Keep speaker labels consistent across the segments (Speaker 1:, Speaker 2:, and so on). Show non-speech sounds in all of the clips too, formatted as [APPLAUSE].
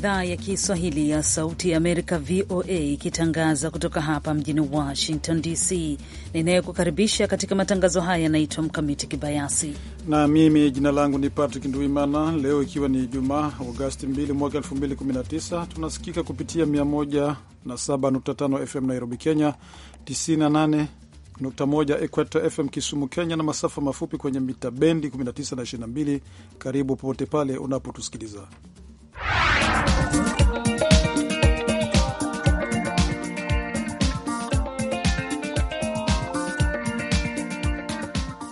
Speaker 1: idhaa ya Kiswahili ya Sauti ya Amerika, VOA, ikitangaza kutoka hapa mjini Washington DC. Ninayekukaribisha katika matangazo haya yanaitwa Mkamiti Kibayasi
Speaker 2: na mimi jina langu ni Patrick Nduimana. Leo ikiwa ni Ijumaa, Agosti 2 mwaka 2019, tunasikika kupitia 107.5 FM Nairobi, Kenya, 98 nukta Equator FM Kisumu Kenya, na masafa mafupi kwenye mita bendi 19 na 22. Karibu popote pale unapotusikiliza あ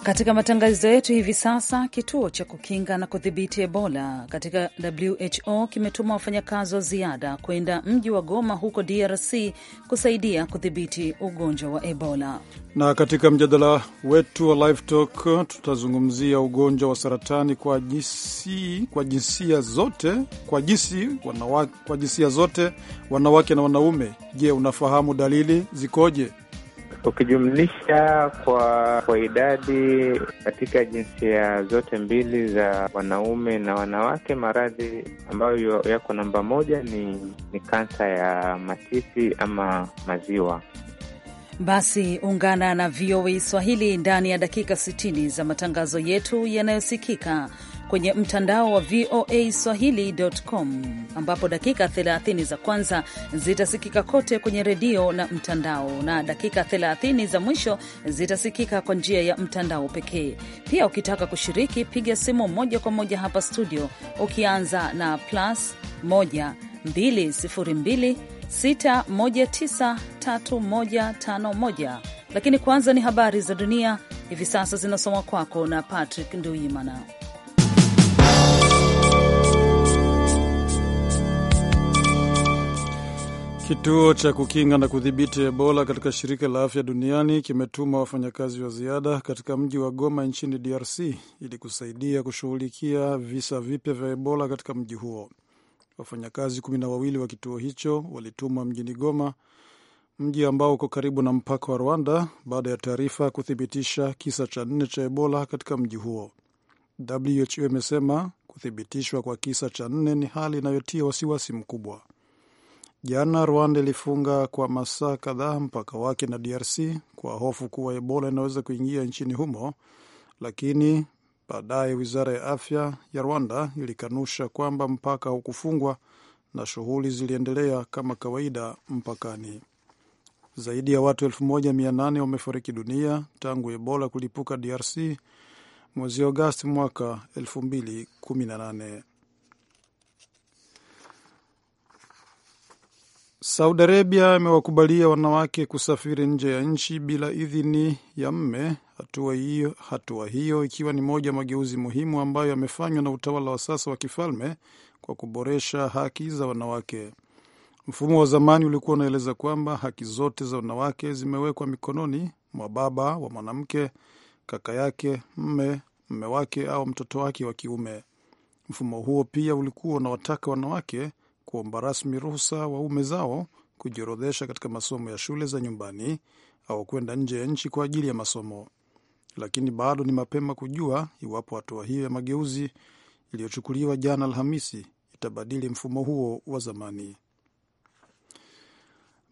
Speaker 1: Katika matangazo yetu hivi sasa, kituo cha kukinga na kudhibiti Ebola katika WHO kimetuma wafanyakazi wa ziada kwenda mji wa Goma huko DRC kusaidia kudhibiti ugonjwa wa Ebola.
Speaker 2: Na katika mjadala wetu wa Live Talk tutazungumzia ugonjwa wa saratani kwa jinsi, kwa jinsia zote, kwa jinsi, wanawake, kwa jinsia zote, wanawake na wanaume. Je, unafahamu dalili zikoje? Ukijumlisha
Speaker 3: kwa, kwa idadi katika jinsia zote mbili za wanaume na wanawake, maradhi ambayo yako namba moja ni, ni kansa ya matiti ama maziwa.
Speaker 1: Basi ungana na VOA Swahili ndani ya dakika 60 za matangazo yetu yanayosikika kwenye mtandao wa VOA Swahili.com, ambapo dakika 30 za kwanza zitasikika kote kwenye redio na mtandao, na dakika 30 za mwisho zitasikika kwa njia ya mtandao pekee. Pia ukitaka kushiriki, piga simu moja kwa moja hapa studio, ukianza na plus 1 202 6193151. Lakini kwanza ni habari za dunia hivi sasa zinasomwa kwako na Patrick Nduimana.
Speaker 2: Kituo cha kukinga na kudhibiti Ebola katika shirika la afya duniani kimetuma wafanyakazi wa ziada katika mji wa Goma nchini DRC ili kusaidia kushughulikia visa vipya vya Ebola katika mji huo. Wafanyakazi kumi na wawili wa kituo hicho walitumwa mjini Goma, mji ambao uko karibu na mpaka wa Rwanda, baada ya taarifa kuthibitisha kisa cha nne cha Ebola katika mji huo. WHO imesema kuthibitishwa kwa kisa cha nne ni hali inayotia wasiwasi mkubwa. Jana Rwanda ilifunga kwa masaa kadhaa mpaka wake na DRC kwa hofu kuwa Ebola inaweza kuingia nchini humo, lakini baadaye wizara ya afya ya Rwanda ilikanusha kwamba mpaka haukufungwa na shughuli ziliendelea kama kawaida mpakani. Zaidi ya watu 1800 wamefariki dunia tangu Ebola kulipuka DRC mwezi Agosti mwaka 2018. Saudi Arabia imewakubalia wanawake kusafiri nje ya nchi bila idhini ya mme, hatua hiyo hatua hiyo ikiwa ni moja mageuzi muhimu ambayo yamefanywa na utawala wa sasa wa kifalme kwa kuboresha haki za wanawake. Mfumo wa zamani ulikuwa unaeleza kwamba haki zote za wanawake zimewekwa mikononi mwa baba wa mwanamke, kaka yake, mme, mme wake au mtoto wake wa kiume. Mfumo huo pia ulikuwa unawataka wanawake kuomba rasmi ruhusa waume zao kujiorodhesha katika masomo ya shule za nyumbani au kwenda nje ya nchi kwa ajili ya masomo, lakini bado ni mapema kujua iwapo hatua hiyo ya mageuzi iliyochukuliwa jana Alhamisi itabadili mfumo huo wa zamani.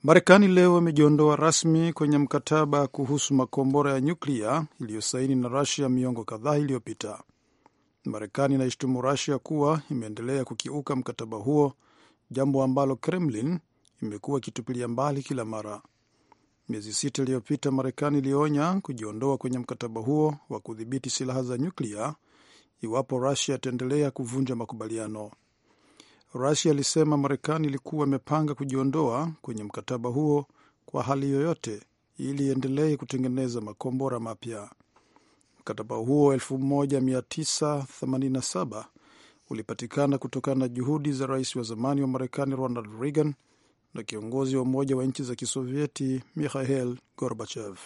Speaker 2: Marekani leo imejiondoa rasmi kwenye mkataba kuhusu makombora ya nyuklia iliyosaini na Rusia miongo kadhaa iliyopita. Marekani inaishtumu Rusia kuwa imeendelea kukiuka mkataba huo jambo ambalo Kremlin imekuwa ikitupilia mbali kila mara. Miezi sita iliyopita, Marekani ilionya kujiondoa kwenye mkataba huo wa kudhibiti silaha za nyuklia iwapo Rusia itaendelea kuvunja makubaliano. Rusia ilisema Marekani ilikuwa imepanga kujiondoa kwenye mkataba huo kwa hali yoyote ili iendelee kutengeneza makombora mapya. Mkataba huo ulipatikana kutokana na juhudi za rais wa zamani wa Marekani Ronald Reagan na kiongozi wa Umoja wa Nchi za Kisovieti Mikhail Gorbachev.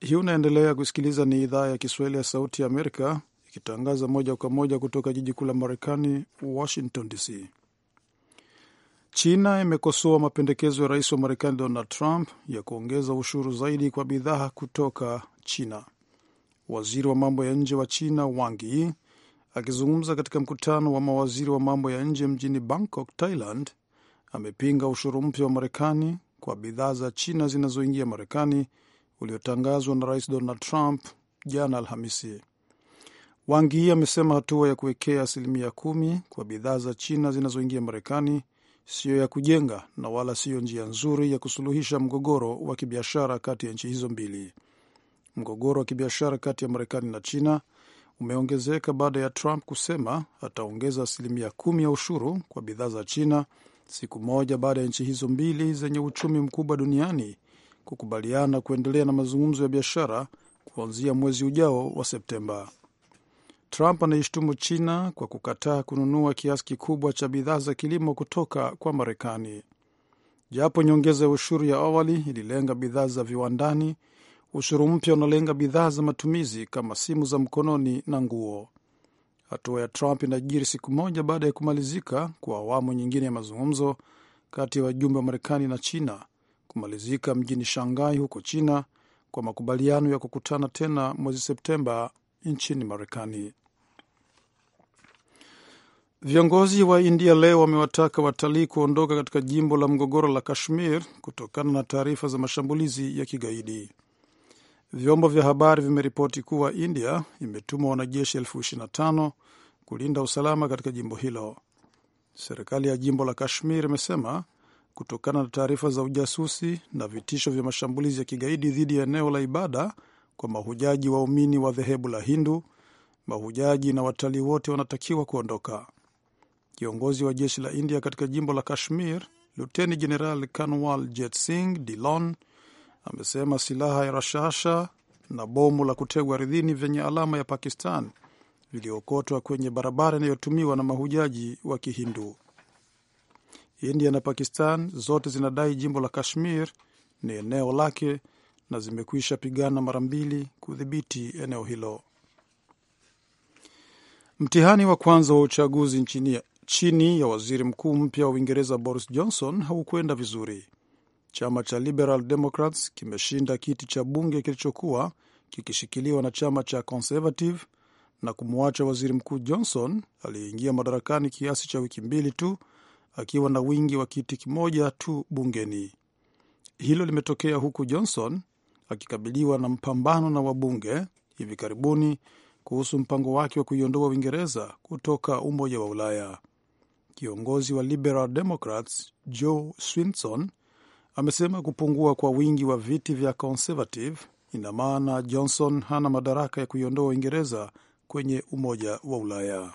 Speaker 2: Hii unaendelea kusikiliza, ni idhaa ya Kiswahili ya Sauti ya Amerika ikitangaza moja kwa moja kutoka jiji kuu la Marekani, Washington DC. China imekosoa mapendekezo ya rais wa Marekani Donald Trump ya kuongeza ushuru zaidi kwa bidhaa kutoka China. Waziri wa mambo ya nje wa China Wang Yi Akizungumza katika mkutano wa mawaziri wa mambo ya nje mjini Bangkok, Thailand, amepinga ushuru mpya wa Marekani kwa bidhaa za China zinazoingia Marekani uliotangazwa na Rais Donald Trump jana Alhamisi. Wang Yi amesema hatua ya kuwekea asilimia kumi kwa bidhaa za China zinazoingia Marekani siyo ya kujenga na wala siyo njia nzuri ya kusuluhisha mgogoro wa kibiashara kati ya nchi hizo mbili. Mgogoro wa kibiashara kati ya Marekani na China umeongezeka baada ya Trump kusema ataongeza asilimia kumi ya ushuru kwa bidhaa za China siku moja baada ya nchi hizo mbili zenye uchumi mkubwa duniani kukubaliana kuendelea na mazungumzo ya biashara kuanzia mwezi ujao wa Septemba. Trump anaishtumu China kwa kukataa kununua kiasi kikubwa cha bidhaa za kilimo kutoka kwa Marekani. Japo nyongeza ya ushuru ya awali ililenga bidhaa za viwandani Ushuru mpya unalenga bidhaa za matumizi kama simu za mkononi na nguo. Hatua ya Trump inajiri siku moja baada ya kumalizika kwa awamu nyingine ya mazungumzo kati ya wajumbe wa Marekani na China kumalizika mjini Shanghai huko China kwa makubaliano ya kukutana tena mwezi Septemba nchini Marekani. Viongozi wa India leo wamewataka watalii kuondoka katika jimbo la mgogoro la Kashmir kutokana na taarifa za mashambulizi ya kigaidi. Vyombo vya habari vimeripoti kuwa India imetuma wanajeshi elfu kulinda usalama katika jimbo hilo. Serikali ya jimbo la Kashmir imesema kutokana na taarifa za ujasusi na vitisho vya mashambulizi ya kigaidi dhidi ya eneo la ibada kwa mahujaji waumini wa dhehebu la Hindu, mahujaji na watalii wote wanatakiwa kuondoka. Kiongozi wa jeshi la India katika jimbo la Kashmir, Luteni Jeneral Kanwal Jet Singh amesema silaha ya rashasha na bomu la kutegwa ardhini vyenye alama ya Pakistan viliokotwa kwenye barabara inayotumiwa na mahujaji wa Kihindu. India na Pakistan zote zinadai jimbo la Kashmir ni eneo lake na zimekwisha pigana mara mbili kudhibiti eneo hilo. Mtihani wa kwanza wa uchaguzi nchini chini ya waziri mkuu mpya wa Uingereza Boris Johnson haukwenda vizuri. Chama cha Liberal Democrats kimeshinda kiti cha bunge kilichokuwa kikishikiliwa na chama cha Conservative na kumwacha waziri mkuu Johnson aliyeingia madarakani kiasi cha wiki mbili tu akiwa na wingi wa kiti kimoja tu bungeni. Hilo limetokea huku Johnson akikabiliwa na mpambano na wabunge hivi karibuni kuhusu mpango wake wa kuiondoa Uingereza kutoka Umoja wa Ulaya. Kiongozi wa Liberal Democrats Joe Swinson amesema kupungua kwa wingi wa viti vya Conservative ina maana Johnson hana madaraka ya kuiondoa Uingereza kwenye Umoja wa Ulaya.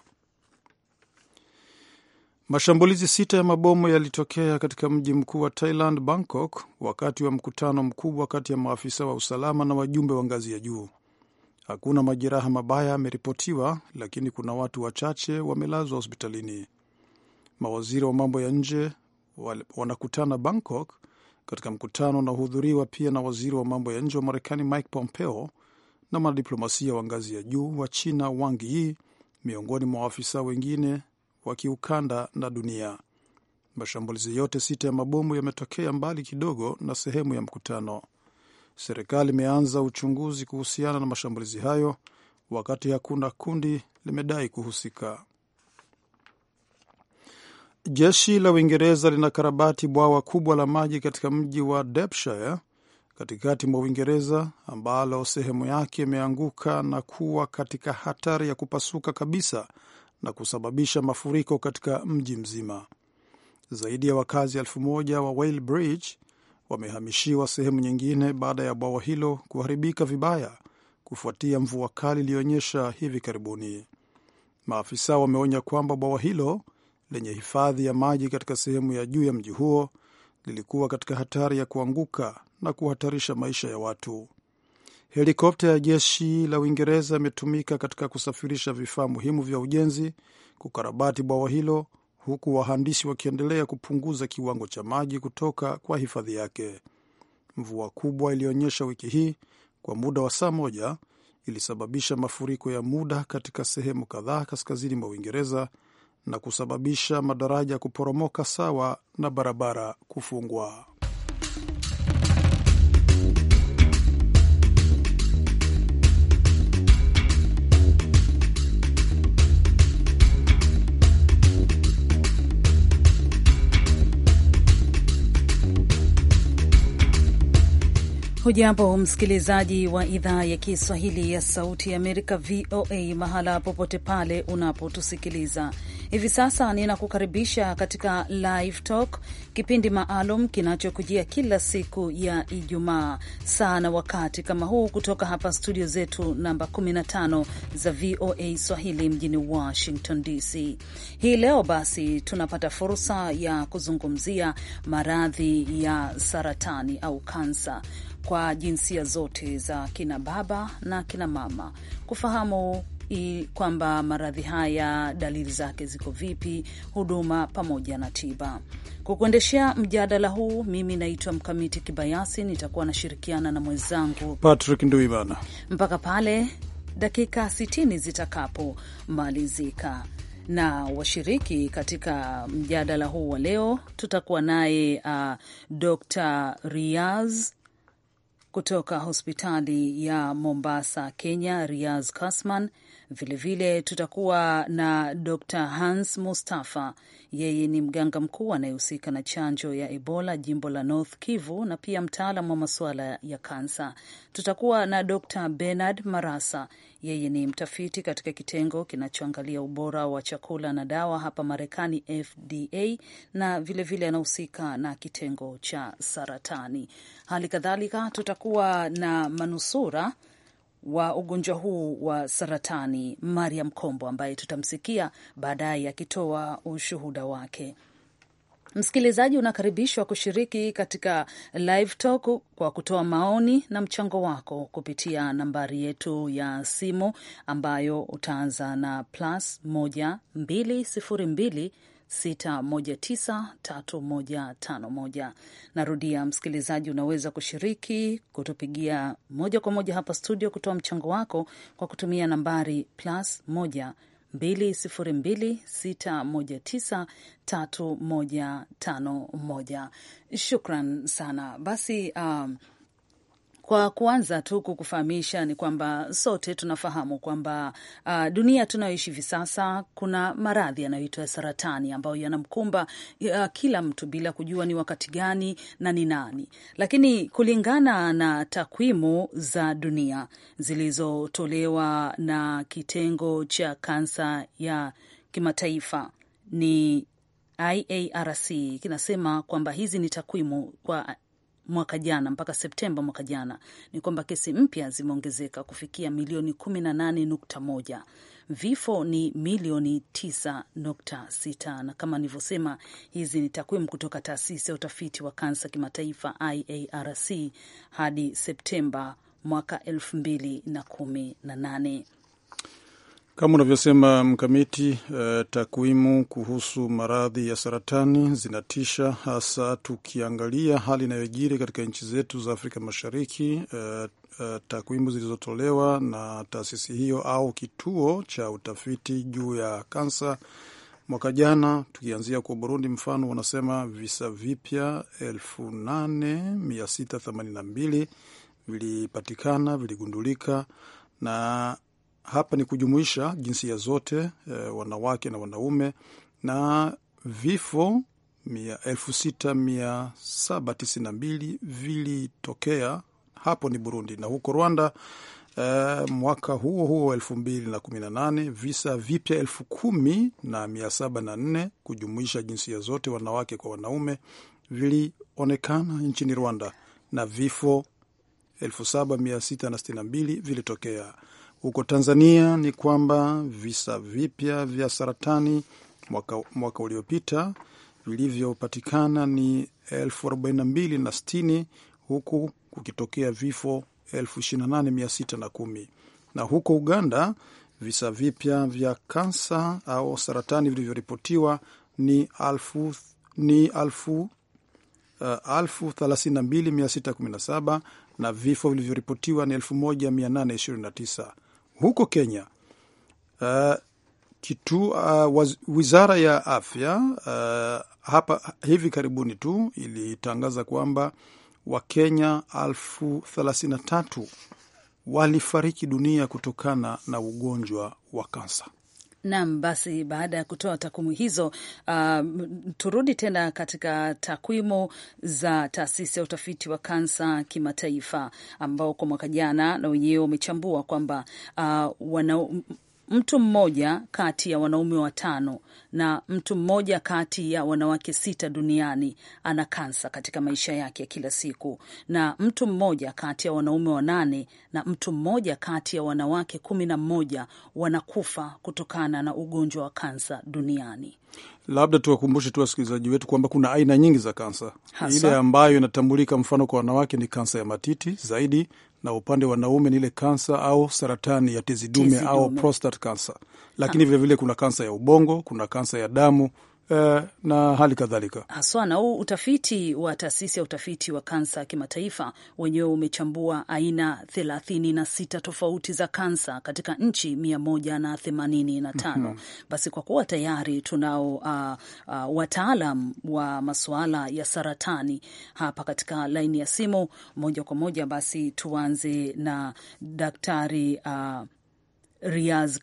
Speaker 2: Mashambulizi sita ya mabomu yalitokea katika mji mkuu wa Thailand, Bangkok, wakati wa mkutano mkubwa kati ya maafisa wa usalama na wajumbe wa ngazi ya juu. Hakuna majeraha mabaya yameripotiwa, lakini kuna watu wachache wamelazwa hospitalini. Mawaziri wa mambo ya nje wanakutana Bangkok katika mkutano unaohudhuriwa pia na waziri wa mambo ya nje wa Marekani Mike Pompeo na mwanadiplomasia wa ngazi ya juu wa China Wang Yi, miongoni mwa waafisa wengine wa kiukanda na dunia. Mashambulizi yote sita ya mabomu yametokea mbali kidogo na sehemu ya mkutano. Serikali imeanza uchunguzi kuhusiana na mashambulizi hayo, wakati hakuna kundi limedai kuhusika. Jeshi la Uingereza linakarabati bwawa kubwa la maji katika mji wa Depshire katikati mwa Uingereza ambalo sehemu yake imeanguka na kuwa katika hatari ya kupasuka kabisa na kusababisha mafuriko katika mji mzima. Zaidi ya wakazi elfu moja wa Whale Bridge wamehamishiwa sehemu nyingine baada ya bwawa hilo kuharibika vibaya kufuatia mvua kali iliyoonyesha hivi karibuni. Maafisa wameonya kwamba bwawa hilo lenye hifadhi ya maji katika sehemu ya juu ya mji huo lilikuwa katika hatari ya kuanguka na kuhatarisha maisha ya watu. Helikopta ya jeshi la Uingereza imetumika katika kusafirisha vifaa muhimu vya ujenzi, kukarabati bwawa hilo, huku wahandisi wakiendelea kupunguza kiwango cha maji kutoka kwa hifadhi yake. Mvua kubwa iliyoonyesha wiki hii kwa muda wa saa moja ilisababisha mafuriko ya muda katika sehemu kadhaa kaskazini mwa Uingereza na kusababisha madaraja kuporomoka sawa na barabara kufungwa.
Speaker 1: Hujambo msikilizaji wa idhaa ya Kiswahili ya Sauti ya Amerika, VOA, mahala popote pale unapotusikiliza. Hivi sasa ninakukaribisha katika Live Talk, kipindi maalum kinachokujia kila siku ya Ijumaa saa na wakati kama huu kutoka hapa studio zetu namba 15 za VOA Swahili mjini Washington DC. Hii leo basi tunapata fursa ya kuzungumzia maradhi ya saratani au kansa kwa jinsia zote za kina baba na kina mama, kufahamu kwamba maradhi haya dalili zake ziko vipi, huduma pamoja na tiba. kwa kuendeshea mjadala huu, mimi naitwa Mkamiti Kibayasi, nitakuwa nashirikiana na mwenzangu
Speaker 2: Patrick Nduimana
Speaker 1: mpaka pale dakika 60 zitakapomalizika na washiriki katika mjadala huu wa leo tutakuwa naye uh, Dr. Riaz kutoka hospitali ya Mombasa, Kenya, Riaz Kasman Vilevile tutakuwa na Dr Hans Mustafa, yeye ni mganga mkuu anayehusika na chanjo ya Ebola jimbo la North Kivu na pia mtaalam wa masuala ya kansa. Tutakuwa na Dr Bernard Marasa, yeye ni mtafiti katika kitengo kinachoangalia ubora wa chakula na dawa hapa Marekani, FDA, na vilevile anahusika vile na kitengo cha saratani. Hali kadhalika tutakuwa na manusura wa ugonjwa huu wa saratani Mariam Kombo, ambaye tutamsikia baadaye akitoa ushuhuda wake. Msikilizaji, unakaribishwa kushiriki katika live talk kwa kutoa maoni na mchango wako kupitia nambari yetu ya simu ambayo utaanza na plus 1 202 6193151. Narudia, msikilizaji, unaweza kushiriki kutupigia moja kwa moja hapa studio, kutoa mchango wako kwa kutumia nambari plus 1 202619351. Shukran sana basi. Um, kwa kuanza tu kukufahamisha ni kwamba sote tunafahamu kwamba uh, dunia tunayoishi hivi sasa kuna maradhi yanayoitwa saratani ambayo yanamkumba uh, kila mtu bila kujua ni wakati gani na ni nani, lakini kulingana na takwimu za dunia zilizotolewa na kitengo cha kansa ya kimataifa ni IARC kinasema kwamba hizi ni takwimu kwa mwaka jana mpaka Septemba mwaka jana ni kwamba kesi mpya zimeongezeka kufikia milioni 18.1, vifo ni milioni 9.6. Na kama nilivyosema, hizi ni takwimu kutoka taasisi ya utafiti wa kansa kimataifa IARC hadi Septemba mwaka 2018.
Speaker 2: Kama unavyosema Mkamiti, uh, takwimu kuhusu maradhi ya saratani zinatisha, hasa tukiangalia hali inayojiri katika nchi zetu za Afrika Mashariki. Uh, uh, takwimu zilizotolewa na taasisi hiyo au kituo cha utafiti juu ya kansa mwaka jana, tukianzia kwa Burundi mfano, wanasema visa vipya 8682 vilipatikana, viligundulika na hapa ni kujumuisha jinsia zote e, wanawake na wanaume na vifo mia elfu sita mia saba tisini na mbili vilitokea hapo ni Burundi na huko Rwanda e, mwaka huo huo elfu mbili na kumi na nane visa vipya elfu kumi na mia saba na nne kujumuisha jinsia zote wanawake kwa wanaume vilionekana nchini Rwanda na vifo elfu saba mia sita na sitini na mbili vilitokea. Huko Tanzania ni kwamba visa vipya vya saratani mwaka, mwaka uliopita vilivyopatikana ni elfu arobaini na mbili na sitini huku kukitokea vifo elfu ishirini na nane mia sita na kumi na huko Uganda visa vipya vya kansa au saratani vilivyoripotiwa ni alfu, ni alfu, uh, alfu thelathini na mbili mia sita kumi na saba na vifo vilivyoripotiwa ni elfu moja mia nane ishirini na tisa huko Kenya uh, kitu, uh, waz, wizara ya afya uh, hapa hivi karibuni tu ilitangaza kwamba Wakenya elfu thelathini na tatu walifariki dunia kutokana na ugonjwa wa kansa.
Speaker 1: Nam, basi baada ya kutoa takwimu hizo, uh, turudi tena katika takwimu za taasisi ya utafiti wa kansa kimataifa, ambao kwa mwaka jana na wenyewe wamechambua kwamba uh, mtu mmoja kati ya wanaume watano na mtu mmoja kati ya wanawake sita duniani ana kansa katika maisha yake ya kila siku, na mtu mmoja kati ya wanaume wanane na mtu mmoja kati ya wanawake kumi na mmoja wanakufa kutokana na ugonjwa wa kansa duniani.
Speaker 2: Labda tuwakumbushe tu wasikilizaji wetu kwamba kuna aina nyingi za kansa. Ile ambayo inatambulika, mfano kwa wanawake, ni kansa ya matiti zaidi na upande wa wanaume ni ile kansa au saratani ya tezi dume au prostate cancer, lakini vilevile vile kuna kansa ya ubongo, kuna kansa ya damu eh, na hali kadhalika
Speaker 1: haswa. Na huu utafiti wa taasisi ya utafiti wa kansa kimataifa wenyewe umechambua aina thelathini na sita tofauti za kansa katika nchi mia moja na themanini na tano. Mhm. Basi kwa kuwa tayari tunao uh, uh, wataalam wa masuala ya saratani hapa katika laini ya simu moja kwa moja, basi tuanze na daktari uh, Riaz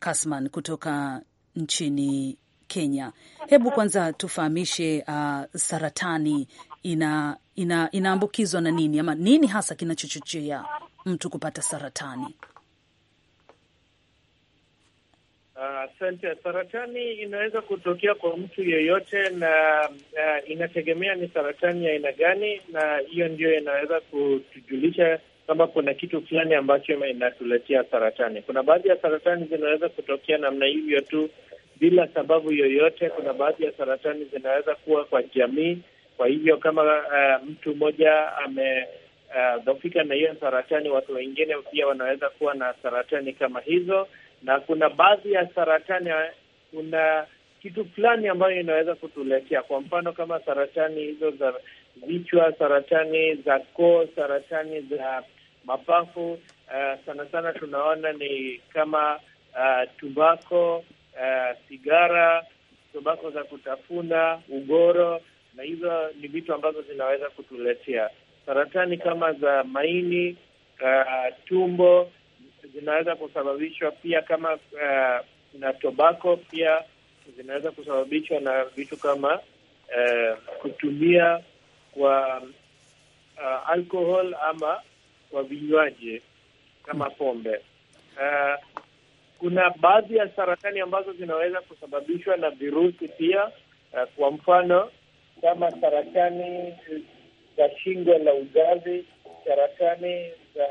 Speaker 1: Kasman kutoka nchini Kenya. Hebu kwanza tufahamishe uh, saratani ina, ina inaambukizwa na nini ama nini hasa kinachochochea mtu kupata saratani?
Speaker 4: Asante. Uh, saratani inaweza kutokea kwa mtu yeyote na uh, inategemea ni saratani ya aina gani, na hiyo ndio inaweza kutujulisha kama kuna kitu fulani ambacho inatuletea saratani. Kuna baadhi ya saratani zinaweza kutokea namna hivyo tu bila sababu yoyote. Kuna baadhi ya saratani zinaweza kuwa kwa jamii. Kwa hivyo kama uh, mtu mmoja amedhofika eh, uh, na hiyo saratani, watu wengine pia wanaweza kuwa na saratani kama hizo, na kuna baadhi ya saratani eh, kuna kitu fulani ambayo inaweza kutuletea, kwa mfano kama saratani hizo za vichwa, saratani za koo, saratani za mapafu. Uh, sana sana tunaona ni kama uh, tumbako uh, sigara, tobako za kutafuna, ugoro, na hizo ni vitu ambazo zinaweza kutuletea saratani kama za maini, uh, tumbo zinaweza kusababishwa pia kama uh, na tobako pia zinaweza kusababishwa na vitu kama uh,
Speaker 5: kutumia
Speaker 4: kwa uh, alcohol ama kwa vinywaji kama pombe uh, kuna baadhi ya saratani ambazo zinaweza kusababishwa na virusi pia. Uh, kwa mfano kama saratani za shingo la uzazi, saratani za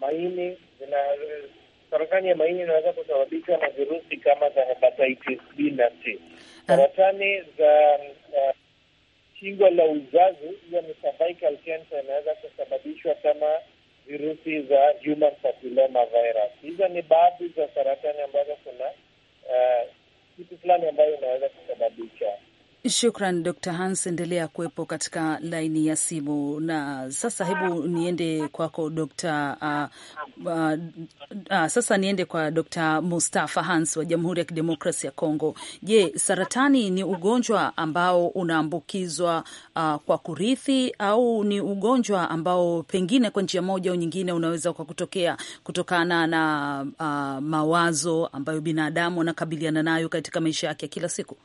Speaker 4: maini zina, saratani ya maini inaweza kusababishwa na virusi kama za hepatitis B na C. Saratani za uh, shingo la uzazi hiyo ni cervical cancer inaweza kusababishwa kama virusi za human papilloma virus. Hizo ni baadhi za saratani ambazo kuna uh, kitu fulani ambayo inaweza
Speaker 1: kusababisha Shukran Dr Hans, endelea kuwepo katika laini ya simu. Na sasa hebu niende kwako Dr uh, uh, uh, sasa niende kwa Dr Mustafa Hans wa Jamhuri ya Kidemokrasi ya Kongo. Je, saratani ni ugonjwa ambao unaambukizwa uh, kwa kurithi au ni ugonjwa ambao pengine kwa njia moja au nyingine unaweza kwa kutokea kutokana na uh, mawazo ambayo binadamu anakabiliana nayo katika maisha yake ya kila siku?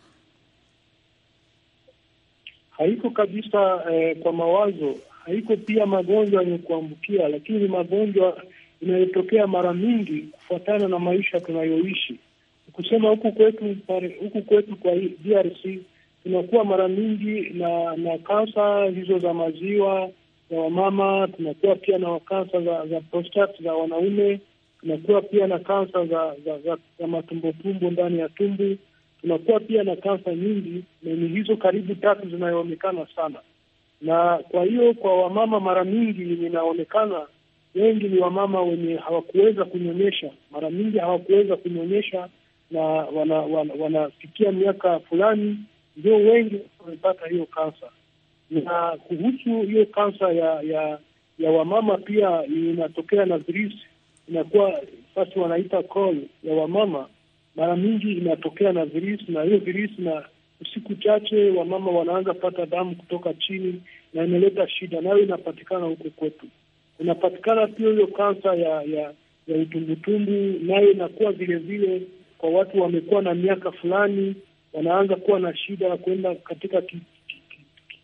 Speaker 5: haiko kabisa eh, kwa mawazo, haiko pia magonjwa yenye kuambukia, lakini ni magonjwa inayotokea mara mingi kufuatana na maisha tunayoishi. Kusema huku kwetu, huku kwetu kwa DRC tunakuwa mara mingi na na kansa hizo za maziwa za wamama, tunakuwa pia na kansa za, za prostate za wanaume, tunakuwa pia na kansa za, za, za, za matumbotumbo ndani ya tumbu kunakuwa pia na kansa nyingi, na ni hizo karibu tatu zinayoonekana sana. Na kwa hiyo kwa wamama, mara mingi inaonekana wengi ni wamama wenye hawakuweza kunyonyesha, mara mingi hawakuweza kunyonyesha na wanafikia wana, miaka fulani ndio wengi wamepata hiyo kansa. Na kuhusu hiyo kansa ya ya ya wamama pia inatokea na virusi, inakuwa sasa wanaita call ya wamama mara mingi inatokea na virusi, na hiyo virusi na siku chache wamama wanaanza pata damu kutoka chini, na inaleta shida, nayo inapatikana huko kwetu. Inapatikana pia hiyo kansa ya ya ya utumbutumbu, nayo inakuwa vilevile kwa watu wamekuwa na miaka fulani, wanaanza kuwa na shida ya kuenda katika ki, ki, ki,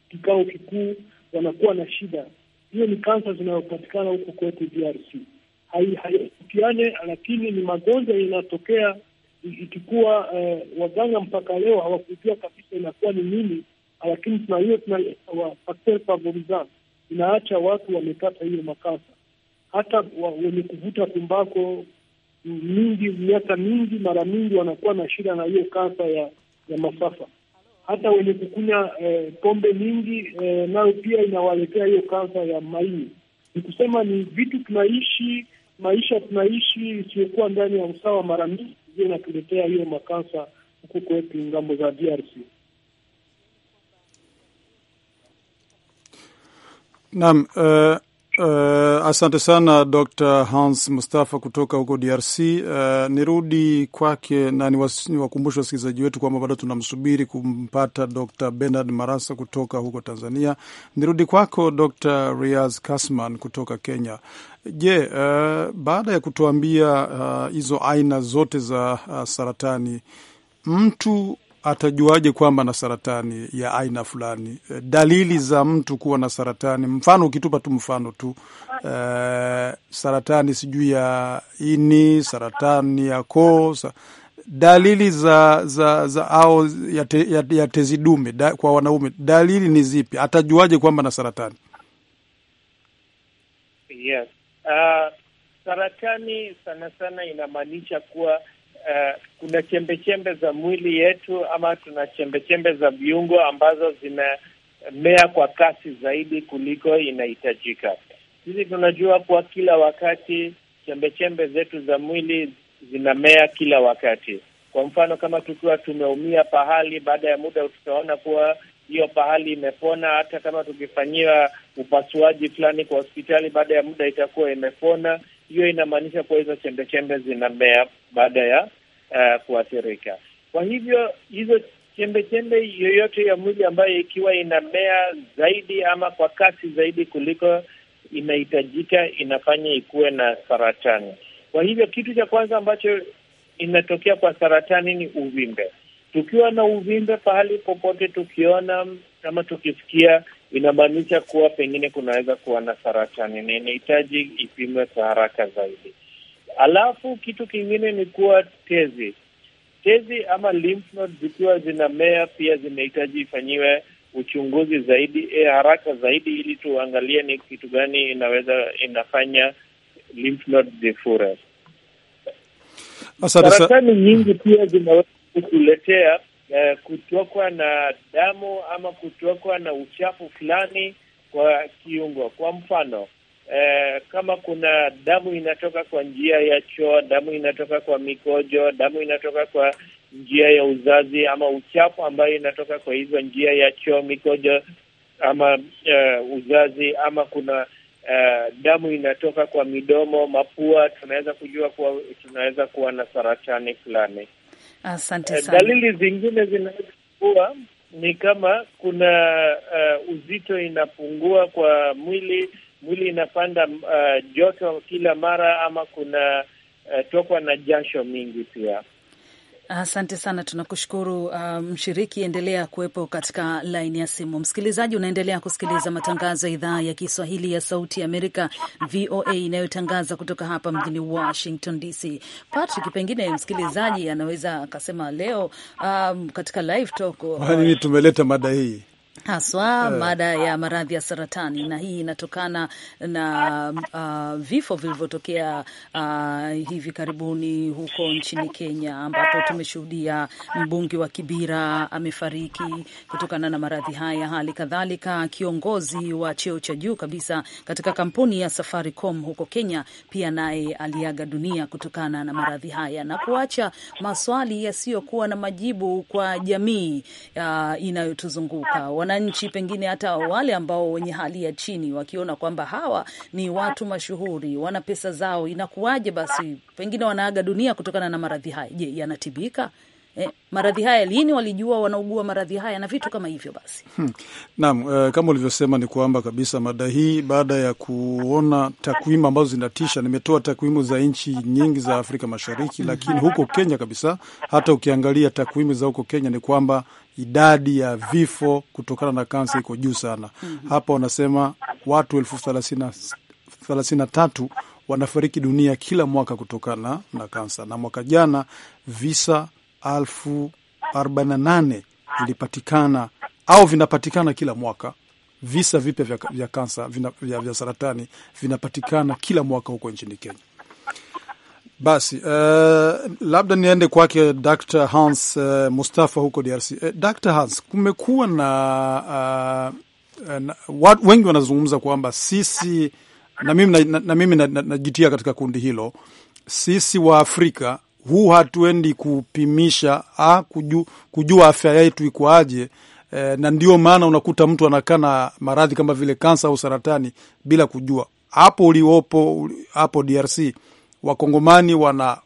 Speaker 5: kikao kikuu, wanakuwa na shida hiyo. Ni kansa zinayopatikana huko kwetu DRC, haihutiane hai, lakini ni magonjwa inatokea ikikuwa eh, waganga mpaka leo hawakujua kabisa inakuwa ni nini, lakini tuna hiyo tunaa inaacha watu wamepata hiyo makasa, hata wenye kuvuta tumbako mingi miaka mingi, mara mingi wanakuwa na shida na hiyo kasa ya ya masafa. Hata wenye kukunya eh, pombe mingi eh, nayo pia inawaletea hiyo kansa ya maini. Ni kusema ni vitu tunaishi maisha tunaishi isiyokuwa ndani ya usawa mara mingi ndio inatuletea hiyo makasa huku kwetu ngambo za DRC.
Speaker 2: Naam, uh... Uh, asante sana Dr. Hans Mustafa kutoka huko DRC. Uh, eh, nirudi kwake na niwakumbushe wasikilizaji wetu kwamba bado tunamsubiri kumpata Dr. Bernard Marasa kutoka huko Tanzania. Nirudi kwako Dr. Riaz Kasman kutoka Kenya. Je, uh, baada ya kutuambia hizo uh, aina zote za uh, saratani mtu atajuaje kwamba na saratani ya aina fulani? Eh, dalili za mtu kuwa na saratani, mfano ukitupa tu mfano tu e, saratani sijui ya ini, saratani ya koo, dalili za za za au ya, te, ya, ya tezi dume da, kwa wanaume dalili ni zipi? Atajuaje kwamba na saratani?
Speaker 4: Yes. Uh, saratani sana sana inamaanisha kuwa Eh, kuna chembe chembe za mwili yetu ama tuna chembe chembe za viungo ambazo zimemea kwa kasi zaidi kuliko inahitajika. Sisi tunajua kuwa kila wakati chembe chembe zetu za mwili zinamea kila wakati. Kwa mfano, kama tukiwa tumeumia pahali, baada ya muda tutaona kuwa hiyo pahali imepona. Hata kama tukifanyiwa upasuaji fulani kwa hospitali, baada ya muda itakuwa imepona. Hiyo inamaanisha kuwa hizo chembechembe zinamea baada ya uh, kuathirika. Kwa hivyo hizo chembe chembe yoyote ya mwili ambayo ikiwa inamea zaidi ama kwa kasi zaidi kuliko inahitajika, inafanya ikuwe na saratani. Kwa hivyo kitu cha kwanza ambacho inatokea kwa saratani ni uvimbe. Tukiwa na uvimbe pahali popote, tukiona ama tukisikia, inamaanisha kuwa pengine kunaweza kuwa na saratani na inahitaji ipimwe kwa haraka zaidi. Alafu kitu kingine ni kuwa tezi tezi ama lymph node zikiwa zinamea pia zinahitaji ifanyiwe uchunguzi zaidi e, haraka zaidi, ili tuangalie ni kitu gani inaweza inafanya lymph node zifure. Saratani nyingi pia zinaweza kukuletea eh, kutokwa na damu ama kutokwa na uchafu fulani kwa kiungo. Kwa mfano eh, kama kuna damu inatoka kwa njia ya choo, damu inatoka kwa mikojo, damu inatoka kwa njia ya uzazi, ama uchafu ambayo inatoka kwa hizo njia ya choo, mikojo ama eh, uzazi, ama kuna eh, damu inatoka kwa midomo, mapua, tunaweza kujua kuwa tunaweza kuwa na saratani fulani.
Speaker 1: Asante eh, sana. dalili zingine zinaweza
Speaker 4: kuwa ni kama kuna uh, uzito inapungua kwa mwili mwili inapanda uh, joto kila mara ama kuna uh, tokwa na jasho mingi pia.
Speaker 1: Asante sana, tunakushukuru uh, mshiriki. Um, endelea kuwepo katika laini ya simu. Msikilizaji, unaendelea kusikiliza matangazo ya idhaa ya Kiswahili ya Sauti ya Amerika, VOA, inayotangaza kutoka hapa mjini Washington DC. Patrick, pengine msikilizaji anaweza akasema leo, um, katika live talk, uh, kwa nini
Speaker 2: tumeleta mada hii?
Speaker 1: haswa mada eh. ya maradhi ya saratani, na hii inatokana na uh, vifo vilivyotokea uh, hivi karibuni huko nchini Kenya, ambapo tumeshuhudia mbunge wa Kibira amefariki kutokana na maradhi haya, hali kadhalika kiongozi wa cheo cha juu kabisa katika kampuni ya Safaricom huko Kenya pia naye aliaga dunia kutokana na maradhi haya na kuacha maswali yasiyokuwa na majibu kwa jamii uh, inayotuzunguka wananchi, pengine hata wale ambao wenye hali ya chini, wakiona kwamba hawa ni watu mashuhuri, wana pesa zao, inakuwaje basi pengine wanaaga dunia kutokana na maradhi haya? Je, yanatibika? Eh, maradhi haya lini walijua wanaugua maradhi haya na vitu kama hivyo basi.
Speaker 2: Hmm. Naam, eh, kama ulivyosema ni kwamba kabisa mada hii baada ya kuona takwimu ambazo zinatisha, nimetoa takwimu za nchi nyingi za Afrika Mashariki, lakini huko Kenya kabisa, hata ukiangalia takwimu za huko Kenya ni kwamba idadi ya vifo kutokana na kansa iko juu sana. Mm -hmm. Hapa wanasema watu elfu thelathini na tatu wanafariki dunia kila mwaka kutokana na kansa, na mwaka jana visa elfu arobaini na nane ilipatikana au vinapatikana kila mwaka visa vipya vya, vya kansa vina, vya, vya saratani vinapatikana kila mwaka huko nchini Kenya. Basi uh, labda niende kwake Dr. Hans uh, Mustafa huko DRC. Uh, eh, Dr. Hans, kumekuwa na, uh, na wat, wengi wanazungumza kwamba sisi na mimi najitia na, na, na katika kundi hilo sisi wa Afrika huu hatuendi kupimisha a, kuju, kujua afya yetu ikoaje e, na ndio maana unakuta mtu anakaa na maradhi kama vile kansa au saratani bila kujua. Hapo uliopo hapo DRC wakongomani wana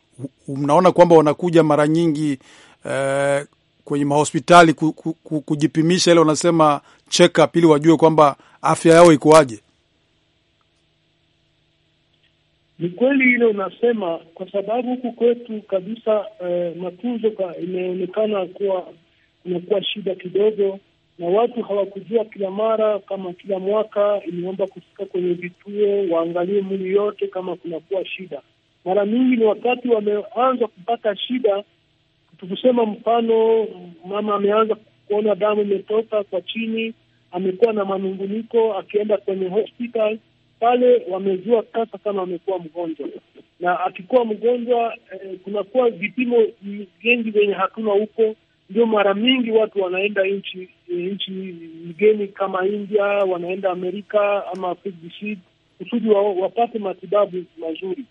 Speaker 2: mnaona kwamba wanakuja mara nyingi e, kwenye mahospitali ku, ku, ku, kujipimisha ile wanasema check up ili wajue kwamba afya yao ikoaje. Ni kweli
Speaker 5: ile unasema, kwa sababu huku kwetu kabisa eh, matunzo imeonekana kuwa inakuwa shida kidogo, na watu hawakujua kila mara kama kila mwaka imeomba kufika kwenye vituo waangalie mwili yote kama kunakuwa shida. Mara nyingi ni wakati wameanza kupata shida, tukusema mfano, mama ameanza kuona damu imetoka kwa chini, amekuwa na manunguniko, akienda kwenye hospital pale wamejua sasa kama amekuwa mgonjwa, na akikuwa mgonjwa eh, kunakuwa vipimo vingi vyenye hatuna huko. Ndio mara mingi watu wanaenda nchi eh, nchi mgeni kama India, wanaenda Amerika ama kusudi wa, wapate matibabu mazuri.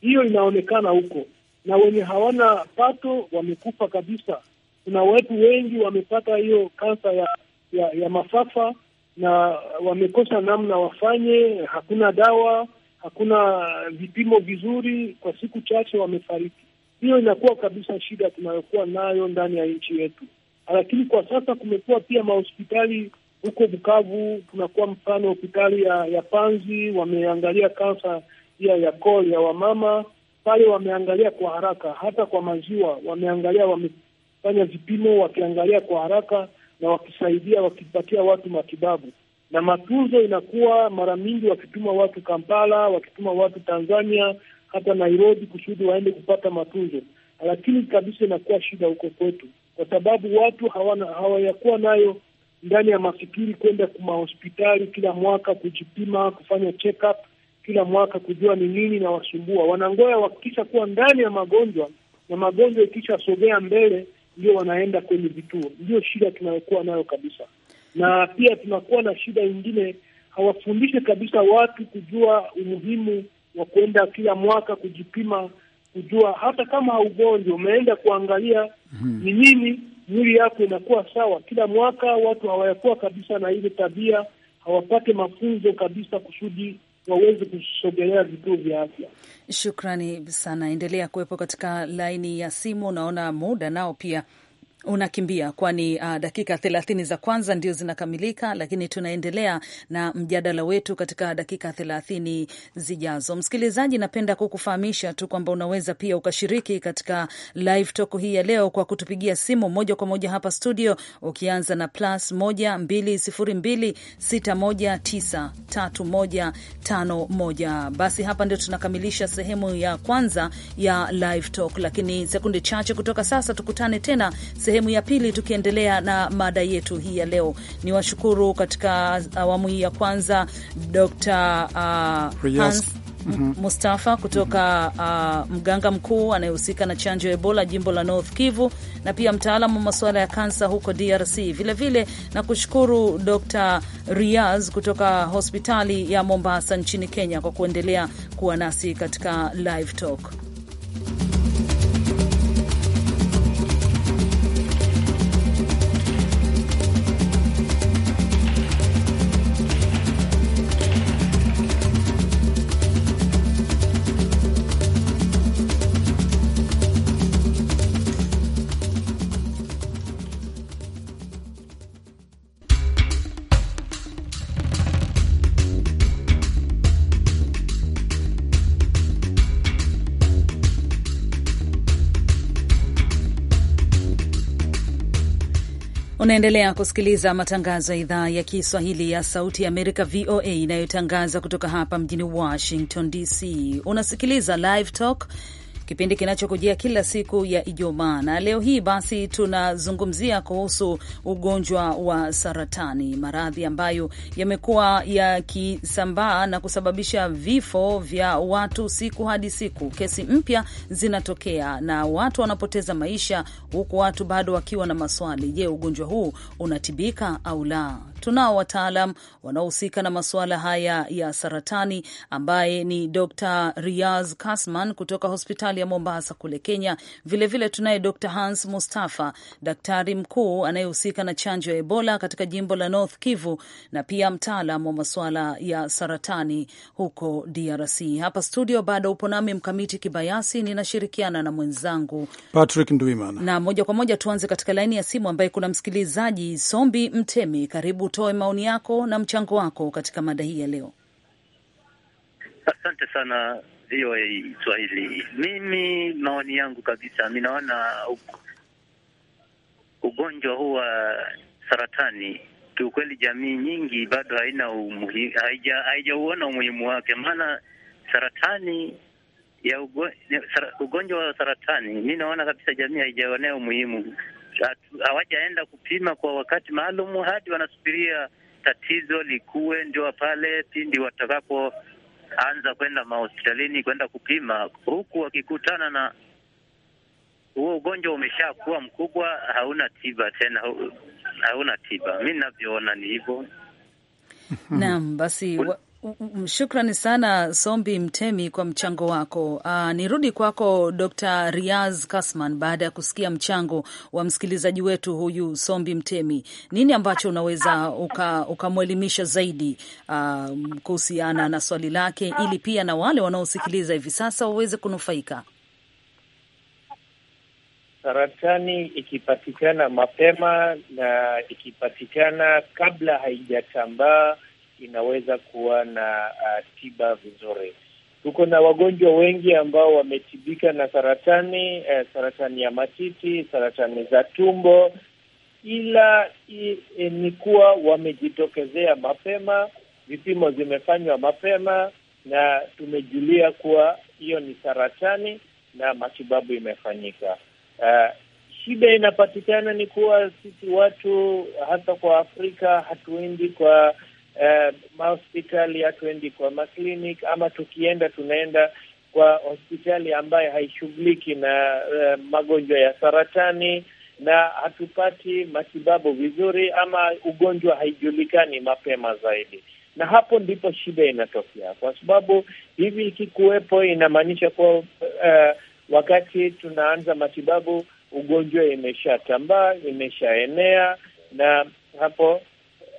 Speaker 5: Hiyo inaonekana huko, na wenye hawana pato wamekufa kabisa. Kuna watu wengi wamepata hiyo kansa ya, ya, ya mafafa na wamekosa namna wafanye. Hakuna dawa, hakuna vipimo vizuri, kwa siku chache wamefariki. Hiyo inakuwa kabisa shida tunayokuwa nayo ndani ya nchi yetu. Lakini kwa sasa kumekuwa pia mahospitali huko Bukavu, kunakuwa mfano hospitali ya, ya Panzi wameangalia kansa pia ya koo ya wamama pale, wameangalia kwa haraka, hata kwa maziwa wameangalia, wamefanya vipimo wakiangalia kwa haraka na wakisaidia, wakipatia watu matibabu na matunzo. Inakuwa mara mingi wakituma watu Kampala, wakituma watu Tanzania, hata Nairobi kusudi waende kupata matunzo, lakini kabisa inakuwa shida huko kwetu, kwa sababu watu hawana hawayakuwa nayo ndani ya mafikiri kwenda mahospitali kila mwaka kujipima, kufanya check up kila mwaka, kujua ni nini na wasumbua. Wanangoya wakikisha kuwa ndani ya magonjwa na magonjwa ikisha sogea mbele ndio wanaenda kwenye vituo. Ndio shida tunayokuwa nayo kabisa, na pia tunakuwa na shida nyingine, hawafundishi kabisa watu kujua umuhimu wa kuenda kila mwaka kujipima, kujua hata kama ugonjwa umeenda kuangalia mhm. ni nini mwili yako inakuwa sawa. Kila mwaka watu hawayakuwa kabisa na ile tabia,
Speaker 1: hawapate mafunzo kabisa kusudi waweze kusogelea vituo vya afya. Shukrani sana, endelea kuwepo katika laini ya simu. Unaona muda nao pia unakimbia kwani uh, dakika thelathini za kwanza ndio zinakamilika, lakini tunaendelea na mjadala wetu katika dakika thelathini zijazo. Msikilizaji, napenda kukufahamisha tu kwamba unaweza pia ukashiriki katika live talk hii ya leo kwa kutupigia simu moja kwa moja hapa studio, ukianza na plus moja mbili sifuri mbili sita moja tisa tatu moja tano moja. Basi hapa ndio tunakamilisha sehemu ya kwanza ya live talk, lakini sekunde chache kutoka sasa tukutane tena sehemu ya pili tukiendelea na mada yetu hii ya leo. Ni washukuru katika awamu hii ya kwanza Dr. uh, Hans Mm -hmm. Mustafa kutoka mm-hmm. uh, mganga mkuu anayehusika na chanjo ya Ebola jimbo la North Kivu na pia mtaalamu wa masuala ya kansa huko DRC. Vilevile vile, na kushukuru Dr. Riaz kutoka hospitali ya Mombasa nchini Kenya kwa kuendelea kuwa nasi katika live talk. Unaendelea kusikiliza matangazo ya idhaa ya Kiswahili ya Sauti ya Amerika, VOA, inayotangaza kutoka hapa mjini Washington DC. Unasikiliza Live Talk kipindi kinachokujia kila siku ya Ijumaa. Na leo hii basi tunazungumzia kuhusu ugonjwa wa saratani, maradhi ambayo yamekuwa yakisambaa na kusababisha vifo vya watu siku hadi siku. Kesi mpya zinatokea na watu wanapoteza maisha, huku watu bado wakiwa na maswali. Je, ugonjwa huu unatibika au la? tunao wataalam wanaohusika na masuala haya ya saratani, ambaye ni Dr Riaz Kasman kutoka hospitali ya Mombasa kule Kenya. Vilevile tunaye Dr Hans Mustafa, daktari mkuu anayehusika na chanjo ya Ebola katika jimbo la North Kivu na pia mtaalam wa masuala ya saratani huko DRC. Hapa studio bado upo nami Mkamiti Kibayasi, ninashirikiana na mwenzangu
Speaker 2: Patrick Ndwimana,
Speaker 1: na moja kwa moja tuanze katika laini ya simu ambaye kuna msikilizaji Sombi Mtemi. Karibu utoe maoni yako na mchango wako katika mada hii ya leo.
Speaker 4: Asante sana VOA Swahili. Mimi maoni yangu kabisa, ninaona ugonjwa huu wa saratani kiukweli, jamii nyingi bado haina haijauona umuhimu wake, maana saratani ya ugonjwa wa saratani, mi naona kabisa jamii haijaonea umuhimu hawajaenda kupima kwa wakati maalum, hadi wanasubiria tatizo likuwe, ndio pale pindi watakapoanza kwenda mahospitalini kwenda kupima, huku wakikutana na huo ugonjwa umeshakuwa mkubwa, hauna tiba tena, hauna tiba. Mi navyoona ni hivyo.
Speaker 1: Naam, basi wa... Shukrani sana Sombi Mtemi kwa mchango wako. Uh, nirudi kwako Dr. Riaz Kasman baada ya kusikia mchango wa msikilizaji wetu huyu Sombi Mtemi. Nini ambacho unaweza ukamwelimisha uka zaidi uh, kuhusiana na swali lake ili pia na wale wanaosikiliza hivi sasa waweze kunufaika?
Speaker 4: Saratani ikipatikana mapema na ikipatikana kabla haijatambaa inaweza kuwa na uh, tiba vizuri. Tuko na wagonjwa wengi ambao wametibika na saratani eh, saratani ya matiti, saratani za tumbo, ila i, eh, ni kuwa wamejitokezea mapema, vipimo zimefanywa mapema na tumejulia kuwa hiyo ni saratani na matibabu imefanyika. Uh, shida inapatikana ni kuwa sisi watu hasa kwa Afrika hatuendi kwa uh, mahospitali hatuendi kwa maklinik, ama tukienda tunaenda kwa hospitali ambayo haishughuliki na uh, magonjwa ya saratani na hatupati matibabu vizuri, ama ugonjwa haijulikani mapema zaidi, na hapo ndipo shida inatokea, kwa sababu hivi ikikuwepo inamaanisha kuwa uh, eh, wakati tunaanza matibabu ugonjwa imeshatambaa, imeshaenea, na hapo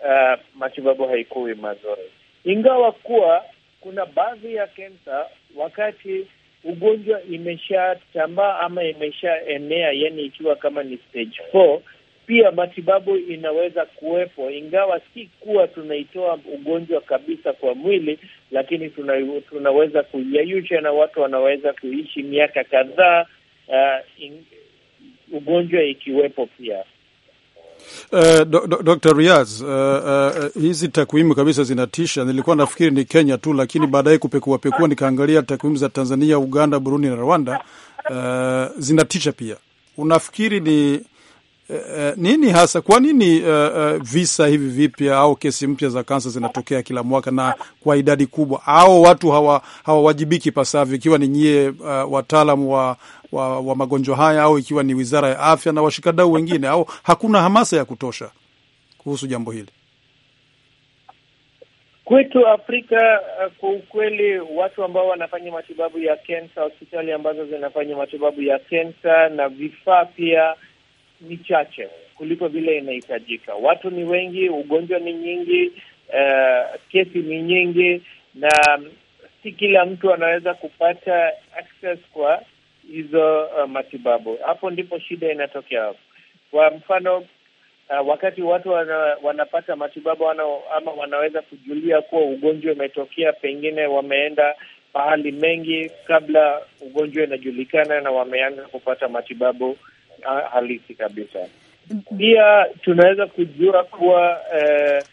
Speaker 4: uh, matibabu haikuwi mazuri, ingawa kuwa kuna baadhi ya kensa wakati ugonjwa imeshatambaa ama imeshaenea, yani ikiwa kama ni stage four, pia matibabu inaweza kuwepo, ingawa si kuwa tunaitoa ugonjwa kabisa kwa mwili, lakini tuna, tunaweza kuyayusha na watu wanaweza kuishi miaka kadhaa uh, ugonjwa ikiwepo pia
Speaker 2: Uh, Dr. Riaz, uh, uh, hizi takwimu kabisa zinatisha. Nilikuwa nafikiri ni Kenya tu, lakini baadaye kupekua pekua nikaangalia takwimu za Tanzania, Uganda, Burundi na Rwanda. Uh, zinatisha pia. Unafikiri ni uh, uh nini hasa, kwa nini uh, uh, visa hivi vipya au kesi mpya za kansa zinatokea kila mwaka na kwa idadi kubwa, au watu hawawajibiki hawa pasavyo, ikiwa ni nyie uh, wataalamu wa wa, wa magonjwa haya au ikiwa ni wizara ya afya na washikadau wengine, au hakuna hamasa ya kutosha kuhusu jambo hili?
Speaker 4: Kwetu Afrika eh, kwa ukweli, watu ambao wanafanya matibabu ya kensa, hospitali ambazo zinafanya matibabu ya kensa na vifaa pia ni chache kuliko vile inahitajika. Watu ni wengi, ugonjwa ni nyingi, uh, kesi ni nyingi, na si kila mtu anaweza kupata access kwa hizo uh, matibabu. Hapo ndipo shida inatokea. Kwa mfano uh, wakati watu wana, wanapata matibabu wana, ama wanaweza kujulia kuwa ugonjwa umetokea, pengine wameenda pahali mengi kabla ugonjwa inajulikana na wameanza kupata matibabu uh, halisi kabisa. Mm-hmm. Pia tunaweza kujua kuwa uh,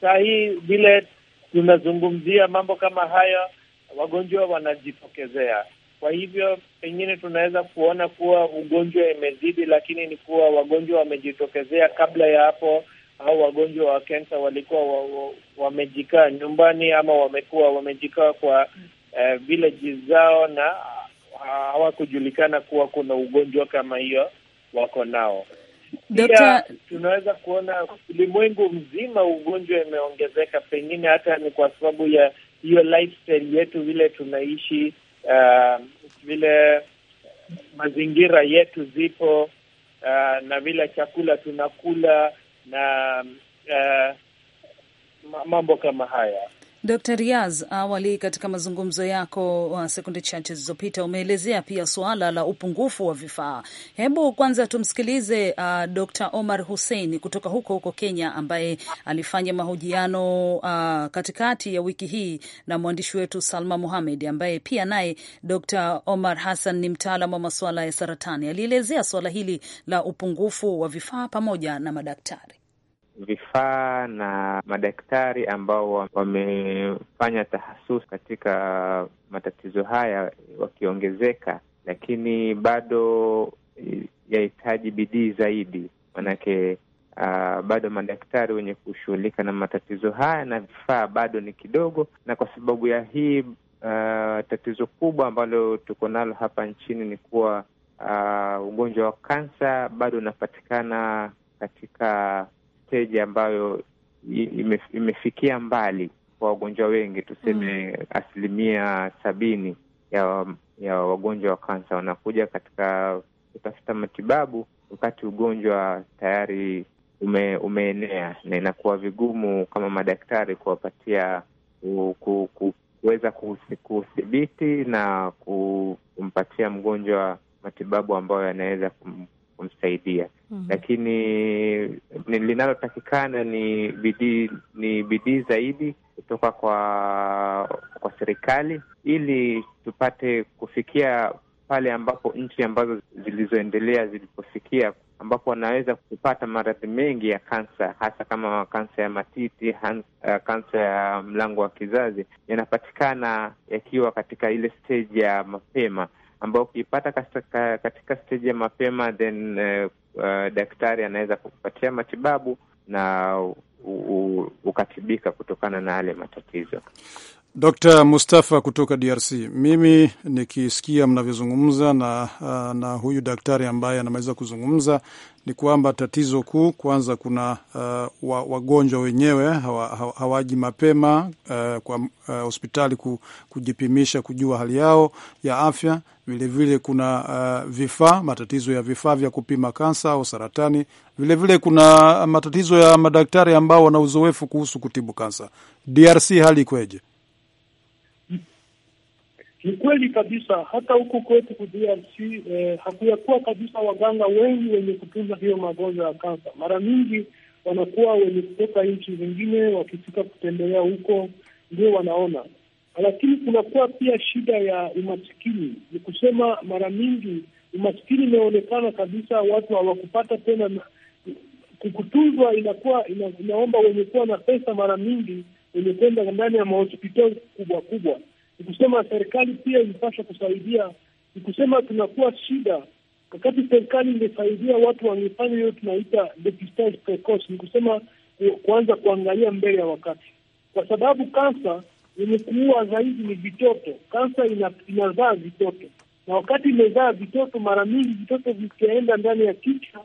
Speaker 4: saa hii vile tunazungumzia mambo kama haya, wagonjwa wanajitokezea kwa hivyo pengine tunaweza kuona kuwa ugonjwa imezidi, lakini ni kuwa wagonjwa wamejitokezea kabla ya hapo, au wagonjwa wa kensa walikuwa wamejikaa wa, wamejikaa nyumbani ama wamekuwa wamejikaa kwa uh, eh, vileji zao na hawakujulikana kuwa kuna ugonjwa kama hiyo wako nao. Pia tunaweza kuona ulimwengu mzima ugonjwa imeongezeka, pengine hata ni kwa sababu ya hiyo lifestyle yetu, vile tunaishi uh, vile mazingira yetu zipo uh, na vile chakula tunakula na uh, mambo kama haya.
Speaker 1: Dr. Riaz, awali katika mazungumzo yako wa uh, sekunde chache zilizopita umeelezea pia suala la upungufu wa vifaa. Hebu kwanza tumsikilize uh, Dr. Omar Hussein kutoka huko huko Kenya ambaye alifanya mahojiano uh, katikati ya wiki hii na mwandishi wetu Salma muhamed ambaye pia naye Dr. Omar Hassan ni mtaalam wa masuala ya saratani. Alielezea suala hili la upungufu wa vifaa pamoja na madaktari
Speaker 3: vifaa na madaktari ambao wamefanya tahasusi katika matatizo haya wakiongezeka, lakini bado yahitaji bidii zaidi, manake Uh, bado madaktari wenye kushughulika na matatizo haya na vifaa bado ni kidogo, na kwa sababu ya hii uh, tatizo kubwa ambalo tuko nalo hapa nchini ni kuwa uh, ugonjwa wa kansa bado unapatikana katika steji ambayo imefikia mbali kwa wagonjwa wengi, tuseme mm. asilimia sabini ya, ya wagonjwa wa kansa wanakuja katika kutafuta matibabu wakati ugonjwa tayari ume, umeenea na inakuwa vigumu kama madaktari kuwapatia kuweza kudhibiti na kumpatia mgonjwa matibabu ambayo yanaweza kumsaidia mm. Lakini linalotakikana ni bidii, ni bidii zaidi kutoka kwa kwa serikali ili tupate kufikia pale ambapo nchi ambazo zilizoendelea zilipofikia, ambapo wanaweza kupata maradhi mengi ya kansa, hasa kama kansa ya matiti, eh, kansa ya mlango wa kizazi, yanapatikana yakiwa katika ile stage ya mapema ambao ukiipata katika, katika steji ya mapema then uh, uh, daktari anaweza kukupatia matibabu na u, u, ukatibika kutokana na yale matatizo.
Speaker 2: Dr Mustafa kutoka DRC. Mimi nikisikia mnavyozungumza na, uh, na huyu daktari ambaye anamaliza kuzungumza ni kwamba tatizo kuu kwanza, kuna uh, wagonjwa wenyewe hawaji mapema uh, kwa uh, hospitali kujipimisha kujua hali yao ya afya. Vilevile kuna uh, vifaa, matatizo ya vifaa vya kupima kansa au saratani. Vilevile vile kuna matatizo ya madaktari ambao wana uzoefu kuhusu kutibu kansa. DRC hali ikweje?
Speaker 5: Ni kweli kabisa, hata huku kwetu ku DRC eh, hakuyakuwa kabisa waganga wengi wenye kutunza hiyo magonjwa ya kansa. Mara nyingi wanakuwa wenye kutoka nchi zingine, wakifika kutembelea huko ndio wanaona, lakini kunakuwa pia shida ya umasikini. Ni kusema mara mingi umasikini imeonekana kabisa, watu hawakupata tena kukutunzwa, inakuwa ina, inaomba wenye kuwa na pesa mara mingi wenye kwenda ndani ya mahospitali kubwa kubwa ni kusema serikali pia ilipaswa kusaidia, ni kusema tunakuwa shida wakati serikali imesaidia watu wangefanya hiyo, tunaita depistage precoce, ni kusema kuanza kuangalia mbele ya wakati, kwa sababu kansa yenye kuua zaidi ni vitoto. Kansa ina, inazaa vitoto, na wakati imezaa vitoto, mara mingi vitoto vikienda ndani ya kichwa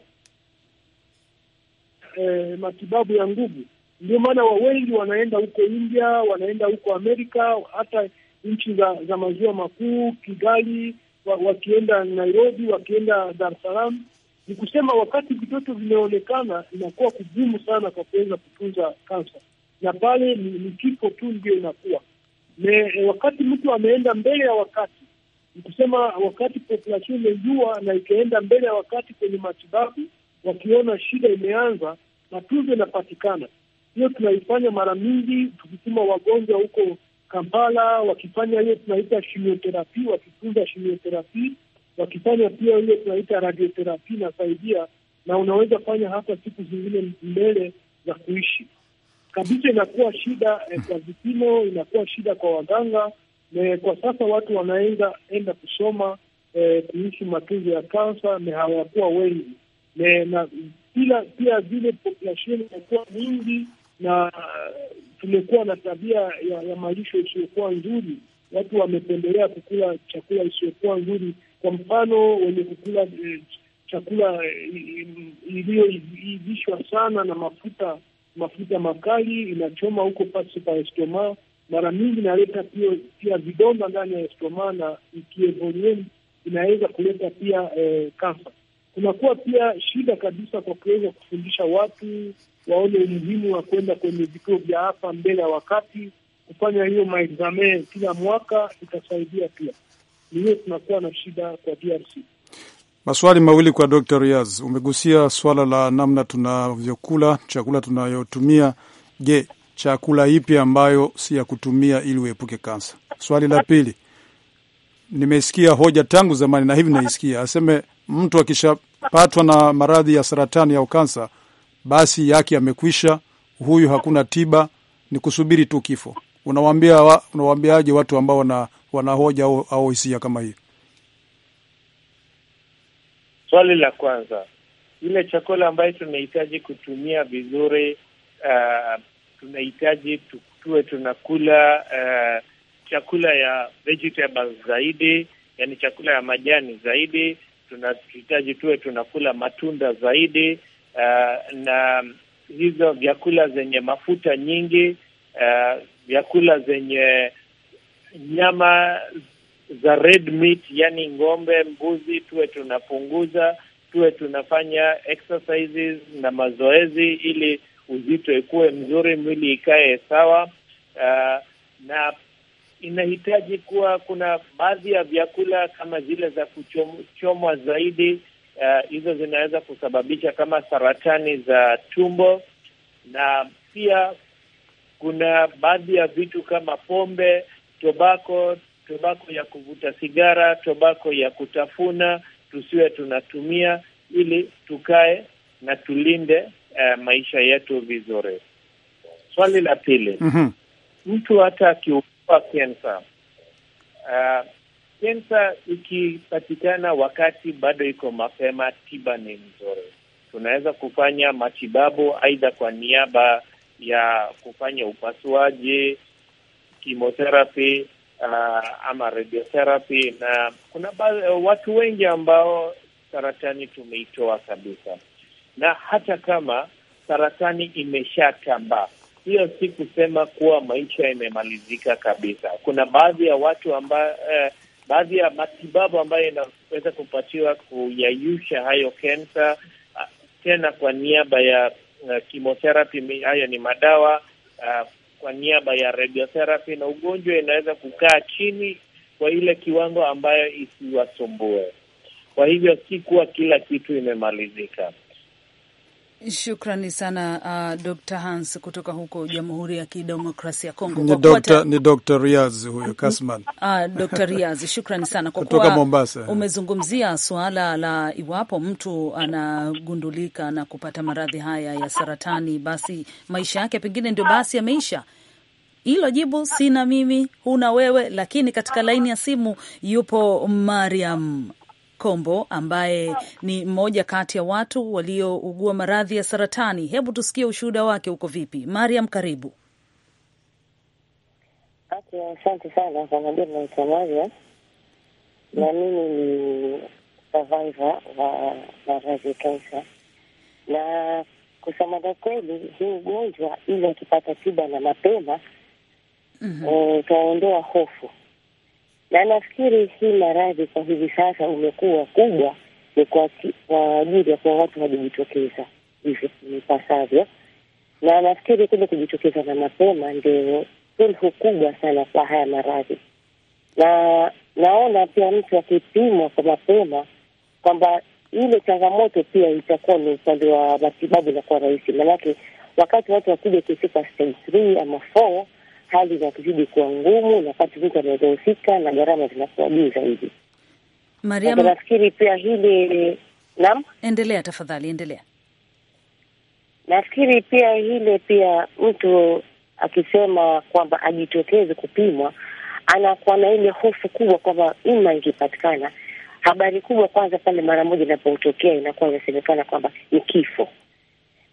Speaker 5: eh, matibabu ya nguvu. Ndio maana wa wengi wanaenda huko India, wanaenda huko Amerika, hata nchi za, za maziwa makuu, Kigali, wa, wakienda Nairobi, wakienda Dar es Salaam. Ni kusema wakati vitoto vimeonekana, inakuwa kugumu sana kwa kuweza kutunza kansa, na pale ni, ni kifo tu ndio inakuwa ne, wakati mtu ameenda mbele ya wakati, ni kusema wakati population imejua na ikaenda mbele ya wakati kwenye matibabu, wakiona shida imeanza, matunzo inapatikana. Hiyo tunaifanya mara mingi tukituma wagonjwa huko Kampala wakifanya hiyo tunaita shimiotherapy, wakifunza shimiotherapy, wakifanya pia hiyo tunaita radiotherapy inasaidia, na unaweza fanya hata siku zingine mbele za kuishi kabisa. Inakuwa shida eh, kwa vipimo, inakuwa shida kwa waganga ne, kwa sasa watu wanaenda enda kusoma eh, kuhusu matunzo ya kansa na hawakuwa wengi na pila, pia zile population inakuwa mingi na uh, tumekuwa na tabia ya, ya malisho isiyokuwa nzuri. Watu wamependelea kukula chakula isiyokuwa nzuri, kwa mfano wenye kukula eh, chakula eh, iliyoivishwa sana na mafuta mafuta makali, inachoma huko pasi pa estoma, mara nyingi inaleta pia, pia vidonda ndani ya estoma na ikievolue inaweza kuleta pia eh, kansa. Kunakuwa pia shida kabisa kwa kuweza kufundisha watu waone umuhimu wa kwenda kwenye vituo vya hapa mbele ya wakati kufanya hiyo maexame kila mwaka itasaidia pia. hiyo tunakuwa na shida kwa DRC.
Speaker 2: Maswali mawili kwa Dr. Riaz. Umegusia swala la namna tunavyokula chakula tunayotumia. Je, chakula ipi ambayo si ya kutumia ili uepuke kansa? Swali la pili, nimesikia hoja tangu zamani na hivi naisikia aseme mtu akishapatwa na maradhi ya saratani au kansa basi yake yamekwisha, huyu hakuna tiba, ni kusubiri tu kifo. Unawaambia, unawaambiaje watu ambao wana, wanahoja au, au hisia kama hii?
Speaker 4: Swali la kwanza, ile chakula ambayo tunahitaji kutumia vizuri, uh, tunahitaji tuwe tunakula uh, chakula ya vegetables zaidi, yani chakula ya majani zaidi. Tunahitaji tuwe tunakula matunda zaidi uh, na hizo vyakula zenye mafuta nyingi uh, vyakula zenye nyama za red meat, yani ng'ombe, mbuzi, tuwe tunapunguza, tuwe tunafanya exercises na mazoezi ili uzito ikuwe mzuri, mwili ikae sawa. Uh, na inahitaji kuwa kuna baadhi ya vyakula kama zile za kuchomwa zaidi Eh, hizo uh, zinaweza kusababisha kama saratani za tumbo, na pia kuna baadhi ya vitu kama pombe, tobako, tobako ya kuvuta sigara, tobako ya kutafuna, tusiwe tunatumia ili tukae na tulinde uh, maisha yetu vizuri. Swali la pili, mm -hmm. mtu hata akiugua kensa uh, eh, Kensa ikipatikana wakati bado iko mapema, tiba ni nzuri. Tunaweza kufanya matibabu aidha kwa niaba ya kufanya upasuaji, chemotherapy uh, ama radiotherapy, na kuna watu wengi ambao saratani tumeitoa kabisa, na hata kama saratani imeshatambaa hiyo si kusema kuwa maisha imemalizika kabisa. Kuna baadhi ya watu ambao eh, baadhi ya matibabu ambayo inaweza kupatiwa kuyayusha hayo kensa ah, tena kwa niaba ya uh, Hayo ni madawa uh, kwa niaba ya radiotherapy, na ugonjwa inaweza kukaa chini kwa ile kiwango ambayo isiwasumbue. Kwa hivyo si kuwa kila kitu imemalizika.
Speaker 1: Shukrani sana uh, Dr Hans kutoka huko Jamhuri ya Kidemokrasia ya Kongo.
Speaker 2: Ni Dr ta... Riaz huyo Kasman. Uh, [LAUGHS]
Speaker 1: ah, Dr Riaz, shukrani sana kwa kutoka Mombasa. Umezungumzia suala la iwapo mtu anagundulika na kupata maradhi haya ya saratani, basi maisha yake pengine ndio basi yameisha. Hilo jibu sina mimi, huna wewe, lakini katika laini ya simu yupo Mariam Kombo ambaye ni mmoja kati ya watu waliougua maradhi ya saratani. Hebu tusikie ushuhuda wake huko vipi. Mariam, karibu.
Speaker 6: Asante sana kwa majina, naitwa na mimi ni survivor wa maradhi ya kansa, na kusema la kweli, huu ugonjwa ili akipata tiba na mapema mhm. eh, utaondoa mm -hmm. e, hofu na nafikiri hii maradhi kwa hivi sasa umekuwa kubwa ni kwa ajili ya kuwa watu wajijitokeza hivyo ipasavyo, na nafikiri kule kujitokeza na mapema ndio suluhu kubwa sana kwa haya maradhi, na naona pia mtu akipimwa kwa mapema kwamba ile changamoto pia itakuwa ni upande wa matibabu inakuwa rahisi, manake wakati watu wakija ikifika stage three ama four hali kizidi kuwa ngumu, na kati vitu anazohusika na gharama zinakuwa juu zaidi.
Speaker 1: Mariam, nafikiri pia hili naam, endelea tafadhali, endelea.
Speaker 6: Nafikiri pia hile pia mtu akisema kwamba ajitokeze kupimwa, anakuwa na ile hofu kubwa kwamba ima ikipatikana habari kubwa kwanza pale mara moja inapotokea inakuwa inasemekana kwamba ni kifo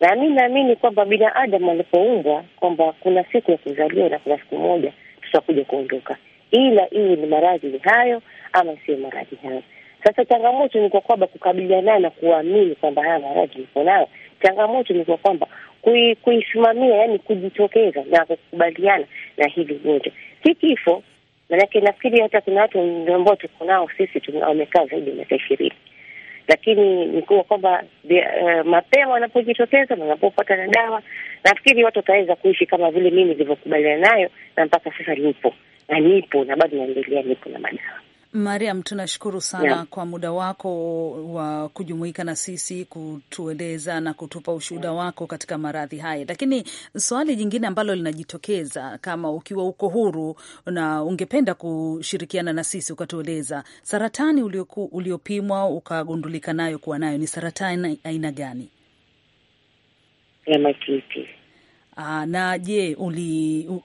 Speaker 6: na mi naamini kwamba binadamu alipoumbwa kwamba kuna siku ya kuzaliwa na kuna siku moja tutakuja kuondoka, ila iwe ni maradhi hayo ama sio maradhi hayo. Sasa changamoto ni kwa kwamba kukabiliana na kuamini kwamba haya maradhi iko nayo. Changamoto ni kwa kwamba kui, kuisimamia, yani kujitokeza na kukubaliana na hili gonjwa, si kifo. Maanake nafikiri hata kuna watu ambao tuko nao sisi wamekaa zaidi ya miaka ishirini lakini ni kuwa kwamba uh, mapema wanapojitokeza na wanapopata na dawa, nafikiri watu wataweza kuishi kama vile mimi nilivyokubaliana nayo, na mpaka sasa nipo na nipo na bado naendelea nipo na madawa.
Speaker 1: Mariam, tunashukuru sana yeah, kwa muda wako wa kujumuika na sisi kutueleza na kutupa ushuhuda wako katika maradhi haya. Lakini swali jingine ambalo linajitokeza, kama ukiwa uko huru na ungependa kushirikiana na sisi ukatueleza, saratani ulioku, uliopimwa ukagundulika nayo kuwa nayo ni saratani aina gani?
Speaker 6: MITP.
Speaker 1: Aa, ah, na je,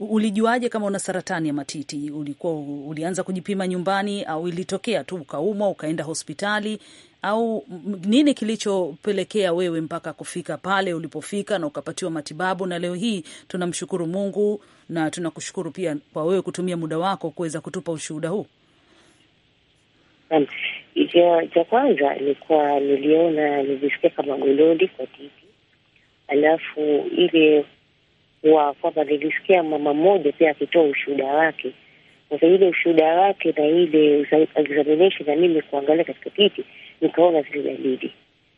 Speaker 1: ulijuaje kama una saratani ya matiti? Ulikuwa ulianza kujipima nyumbani au ilitokea tu ukaumwa ukaenda hospitali au nini kilichopelekea wewe mpaka kufika pale ulipofika na ukapatiwa matibabu? Na leo hii tunamshukuru Mungu na tunakushukuru pia kwa wewe kutumia muda wako kuweza kutupa ushuhuda huu.
Speaker 6: Cha kwanza ilikuwa niliona, nilisikia kama gololi kwa titi, alafu ile wa kwamba nilisikia mama mmoja pia akitoa ushuhuda wake. Sasa ile ushuhuda wake na ile examination na mimi kuangalia katika kiti, nikaona zile dalili.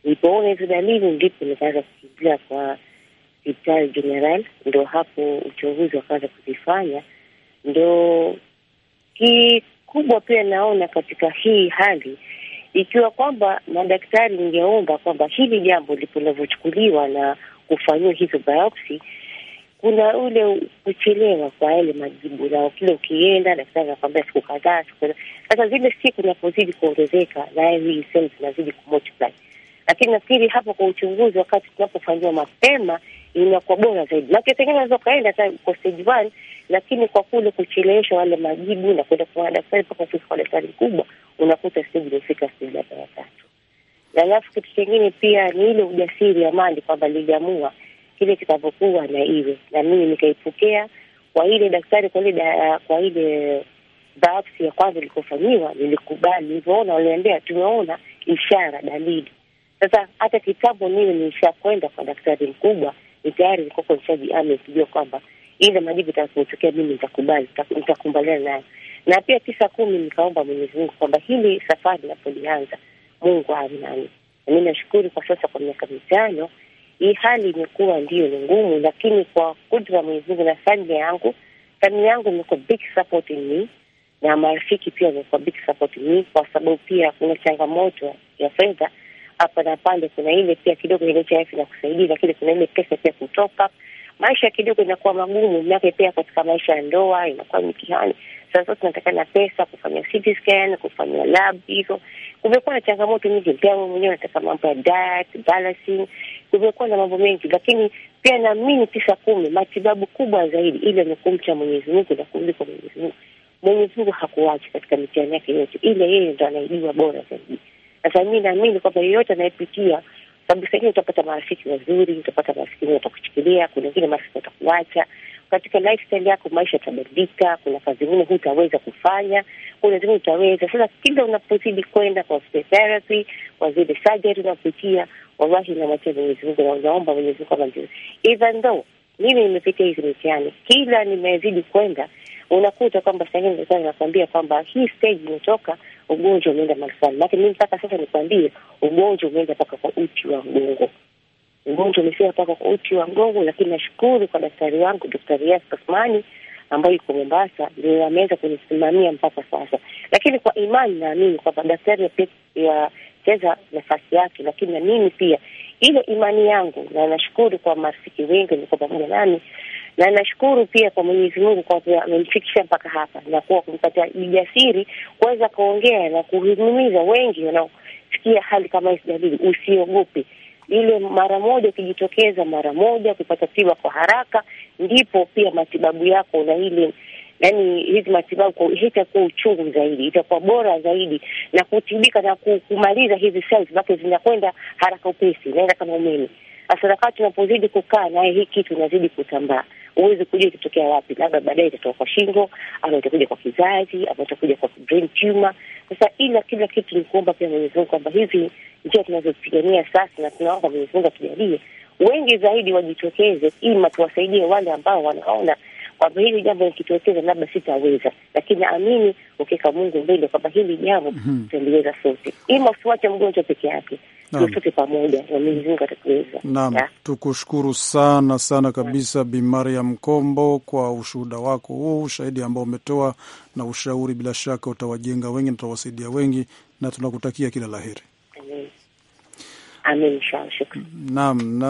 Speaker 6: Nilipoona hizo dalili, ndipo nikaanza kukimbia kwa hospitali General, ndo hapo uchunguzi wakaanza kuzifanya. Ndo kikubwa pia naona katika hii hali ikiwa kwamba madaktari, ningeomba kwamba hili jambo lipo linavyochukuliwa na kufanyiwa hizo biopsy kuna ule kuchelewa kwa yale majibu, na kile ukienda daktari anakwambia siku kadhaa, siku kadhaa. Sasa zile siku inapozidi kuongezeka, naye hii sehemu zinazidi kumultiply, lakini nafikiri hapo kwa uchunguzi, wakati tunapofanyiwa mapema inakuwa bora zaidi, na pengine unaweza ukaenda hata kwa stage one, lakini kwa kule kuchelewesha wale majibu na kwenda kwa daktari mpaka kufika kwa daktari mkubwa, unakuta stage imefika stage hata ya tatu. Alafu kitu kingine pia ni ile ujasiri ya mali kwamba liliamua kile kitavyokuwa na iwe na mimi nikaipokea kwa ile daktari, kwa ile kwa ile biopsi ya kwanza ilikofanyiwa, nilikubali. Nilivyoona waliambia tumeona ishara, dalili. Sasa hata kitambo niwe nishakwenda kwa daktari mkubwa, ni tayari nikoko nishajiami, kujua kwamba ile majibu itakapotokea mimi nitakubali, nitakumbaliana nayo. Na pia tisa kumi nikaomba Mwenyezi Mungu kwamba hili safari inapolianza Mungu awe nami. Mi nashukuru kwa sasa kwa miaka mitano hii hali imekuwa ndiyo ni ngumu, lakini kwa kudra Mwenyezi Mungu na familia yangu, familia yangu imekuwa big support in me na marafiki pia wamekuwa big support in me, kwa sababu pia kuna changamoto ya fedha hapa na pale. Kuna ile pia kidogo NHIF inakusaidia, lakini kuna ile pesa pia kutoka maisha kidogo inakuwa magumu, mnake pia katika maisha ya ndoa inakuwa mitihani. Sasa tunatakana pesa kufanya CT scan, kufanya lab hizo. Kumekuwa na changamoto nyingi, pia mwenyewe nataka mambo ya diet balancing, kumekuwa na mambo mengi, lakini pia naamini tisa kumi, matibabu kubwa zaidi ile ni kumcha Mwenyezi Mungu na kurudi kwa Mwenyezi Mungu. Mwenyezi Mungu katika mitihani yake yote ile, yeye ndo anaijua bora zaidi. Sasa mi naamini kwamba yeyote anayepitia sababu utapata marafiki wazuri, utapata marafiki wenye watakuchukulia, kuna wengine marafiki watakuacha katika lifestyle yako. Maisha yatabadilika, kuna kazi ingine hutaweza kufanya, kuna zingine utaweza. Sasa kila unapozidi kwenda kwa therapy, kwa zile surgery unapitia, wallahi unamwachia Mwenyezi Mungu na unaomba Mwenyezi Mungu kama Even though mimi nimepitia hizi mitihani, kila nimezidi kwenda unakuta kwamba sahii nakuambia kwamba hii stage imetoka ugonjwa umeenda malifani. fulani. Maake mi mpaka sasa nikuambie, ugonjwa umeenda mpaka kwa uti wa mgongo, ugonjwa umefika mpaka kwa uti wa mgongo. Lakini nashukuru kwa daktari wangu Daktari Yas Kasmani ambayo iko Mombasa, ndio ameweza kunisimamia mpaka sasa. Lakini kwa imani naamini kwamba daktari yacheza nafasi yake, lakini na mimi pia ile imani yangu, na nashukuru kwa marafiki wengi niko pamoja nami na nashukuru pia kwa Mwenyezi Mungu kwa amemfikisha mpaka hapa na kuwa kumpatia ujasiri kuweza kuongea na kuhimiza wengi wanaofikia hali kama hii. dalili, usiogope ile mara moja, ukijitokeza mara moja kupata tiba kwa haraka, ndipo pia matibabu yako na ile yani hizi matibabu hitakuwa uchungu zaidi, itakuwa bora zaidi na kutibika na kumaliza hizi cells zake, zinakwenda haraka upesi, inaenda kama umeme. Sasa wakati tunapozidi kukaa na hii kitu inazidi kutambaa huwezi kujua ikitokea wapi, labda baadaye itatoka kwa shingo ama itakuja kwa kizazi ama itakuja kwa brain tumor. Sasa ila kila kitu ni kuomba pia Mwenyezi Mungu kwamba hizi njia tunazopigania sasa, na tunaomba Mwenyezi Mungu atujalie wengi zaidi wajitokeze, ima tuwasaidie wale ambao wanaona kwamba hili jambo likitokeza labda sitaweza, lakini naamini ukiweka Mungu mbele kwamba hili jambo mhm. tutaliweza sote, ima usiwache mgonjwa peke yake. Naam. pamoja
Speaker 2: Naam, tukushukuru sana sana kabisa Bi Mariam Kombo kwa ushuhuda wako huu, ushahidi ambao umetoa na ushauri, bila shaka utawajenga wengi na utawasaidia wengi, na tunakutakia kila laheri. Amin, naam. Na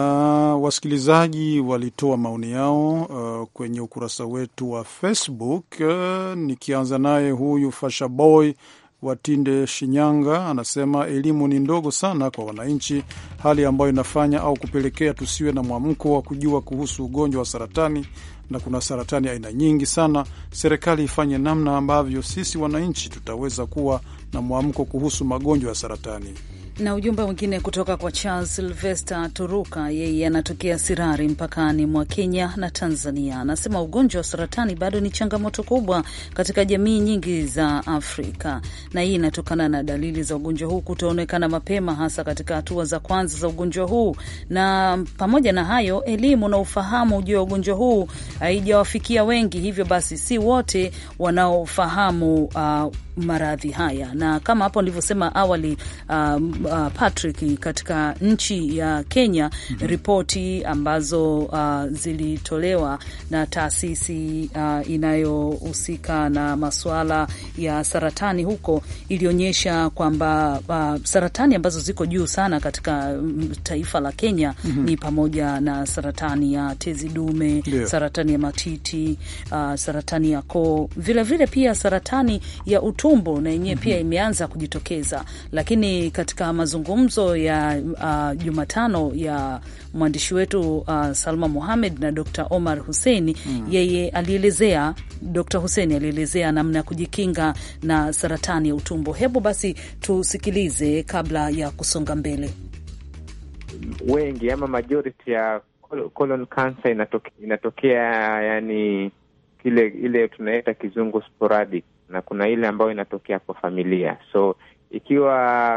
Speaker 2: wasikilizaji walitoa maoni yao uh, kwenye ukurasa wetu wa Facebook. Uh, nikianza naye huyu fashaboy Watinde Shinyanga anasema elimu ni ndogo sana kwa wananchi, hali ambayo inafanya au kupelekea tusiwe na mwamko wa kujua kuhusu ugonjwa wa saratani, na kuna saratani aina nyingi sana. Serikali ifanye namna ambavyo sisi wananchi tutaweza kuwa na mwamko kuhusu magonjwa ya saratani.
Speaker 1: Na ujumbe mwingine kutoka kwa Charles Silvester Turuka, yeye anatokea Sirari mpakani mwa Kenya na Tanzania, anasema ugonjwa wa saratani bado ni changamoto kubwa katika jamii nyingi za Afrika, na hii inatokana na dalili za ugonjwa huu kutoonekana mapema, hasa katika hatua za kwanza za ugonjwa huu. Na pamoja na hayo, elimu na ufahamu juu ya ugonjwa huu haijawafikia wengi, hivyo basi si wote wanaofahamu uh, maradhi haya, na kama hapo nilivyosema awali, um, uh, Patrick, katika nchi ya Kenya mm -hmm. ripoti ambazo uh, zilitolewa na taasisi uh, inayohusika na masuala ya saratani huko ilionyesha kwamba uh, saratani ambazo ziko juu sana katika mm, taifa la Kenya mm -hmm. ni pamoja na saratani ya tezi dume yeah. saratani ya matiti uh, saratani ya koo, vilevile pia saratani ya utu matumbo na yenyewe mm -hmm. pia mhm. imeanza kujitokeza, lakini katika mazungumzo ya uh, Jumatano ya mwandishi wetu uh, Salma muhamed na Dr. Omar Husseini mm -hmm. yeye alielezea, Dr. husen alielezea namna ya kujikinga na saratani ya utumbo. Hebu basi tusikilize kabla ya kusonga mbele.
Speaker 3: Wengi ama majority ya colon cancer inatokea, inatokea yani ile ile tunaita kizungu sporadic na kuna ile ambayo inatokea kwa familia. So ikiwa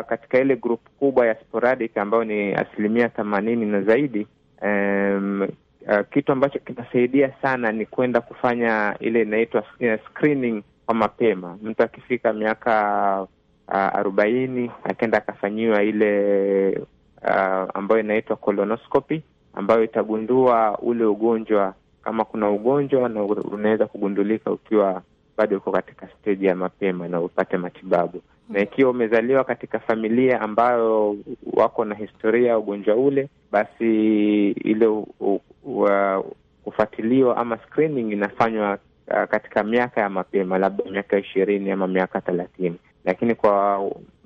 Speaker 3: katika ile group kubwa ya sporadic ambayo ni asilimia themanini na zaidi, um, uh, kitu ambacho kinasaidia sana ni kwenda kufanya ile inaitwa eh, screening kwa mapema. Mtu akifika miaka uh, arobaini akenda akafanyiwa ile uh, ambayo inaitwa colonoscopy ambayo itagundua ule ugonjwa kama kuna ugonjwa na unaweza kugundulika ukiwa bado uko katika steji ya mapema na upate matibabu. Na ikiwa umezaliwa katika familia ambayo wako na historia ya ugonjwa ule, basi ile kufuatiliwa ama screening inafanywa katika miaka ya mapema, labda miaka ishirini ama miaka thelathini, lakini kwa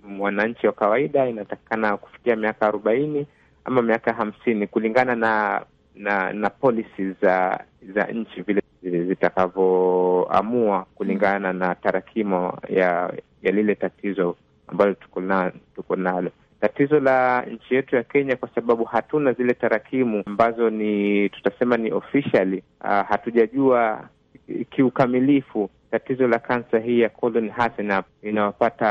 Speaker 3: mwananchi wa kawaida inatakikana kufikia miaka arobaini ama miaka hamsini kulingana na na, na policies za za nchi vile zitakavyoamua eh, kulingana na tarakimo ya ya lile tatizo ambalo tuko nalo. Tatizo la nchi yetu ya Kenya, kwa sababu hatuna zile tarakimu ambazo ni tutasema ni officially, uh, hatujajua kiukamilifu tatizo la kansa hii ya colon inawapata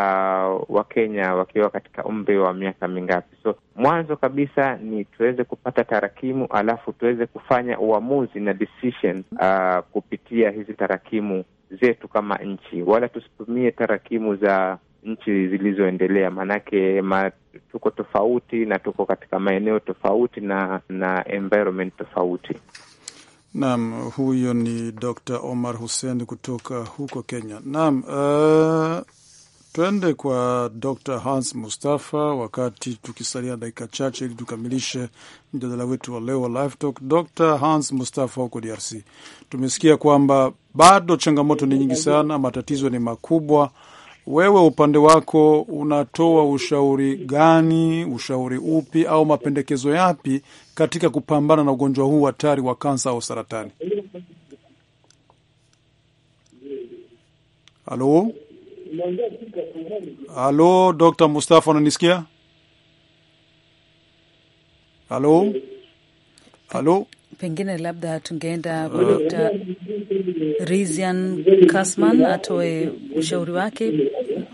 Speaker 3: Wakenya wakiwa katika umri wa miaka mingapi? So mwanzo kabisa ni tuweze kupata tarakimu, alafu tuweze kufanya uamuzi na decision uh, kupitia hizi tarakimu zetu kama nchi, wala tusitumie tarakimu za nchi zilizoendelea, maanake ma, tuko tofauti na tuko katika maeneo tofauti na na environment tofauti.
Speaker 2: Naam, huyo ni Dr. Omar Hussein kutoka huko Kenya. Naam, uh, twende kwa Dr. Hans Mustafa wakati tukisalia dakika chache ili tukamilishe mjadala wetu wa leo wa Live Talk. Dr. Hans Mustafa huko DRC, tumesikia kwamba bado changamoto ni nyingi sana, matatizo ni makubwa wewe upande wako unatoa ushauri gani, ushauri upi au mapendekezo yapi katika kupambana na ugonjwa huu hatari wa kansa au saratani? Halo, halo, Dr. Mustafa, unanisikia? Halo, halo
Speaker 1: pengine labda tungeenda ah. kwa Dr. Rizian Kasman atoe ushauri wake.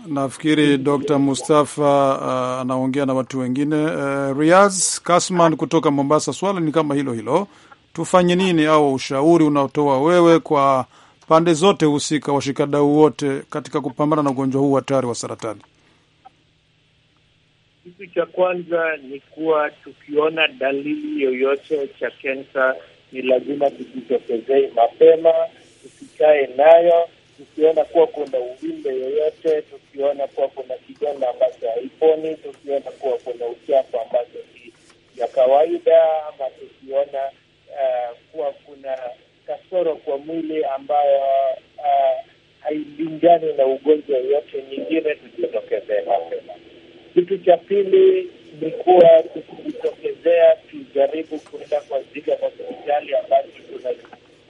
Speaker 2: Nafikiri Dr. Mustafa ah, anaongea uh, na watu wengine uh, Riaz Kasman kutoka Mombasa. swali ni kama hilo hilo, tufanye nini au ushauri unaotoa wewe kwa pande zote husika, washikadau wote katika kupambana na ugonjwa huu hatari wa saratani?
Speaker 4: Kitu cha kwanza ni kuwa tukiona dalili yoyote cha kensa ni lazima tujitokezee mapema, tusikae nayo. Tukiona kuwa kuna uvimbe yoyote, tukiona kuwa kuna kidonda ambacho haiponi, tukiona kuwa kuna uchafu ambacho ni ya kawaida, ama tukiona uh, kuwa kuna kasoro kwa mwili ambayo uh, hailingani na ugonjwa yoyote nyingine, tujitokezee mapema. Kitu cha pili ni kuwa tukijitokezea tujaribu kuenda kwa zile hospitali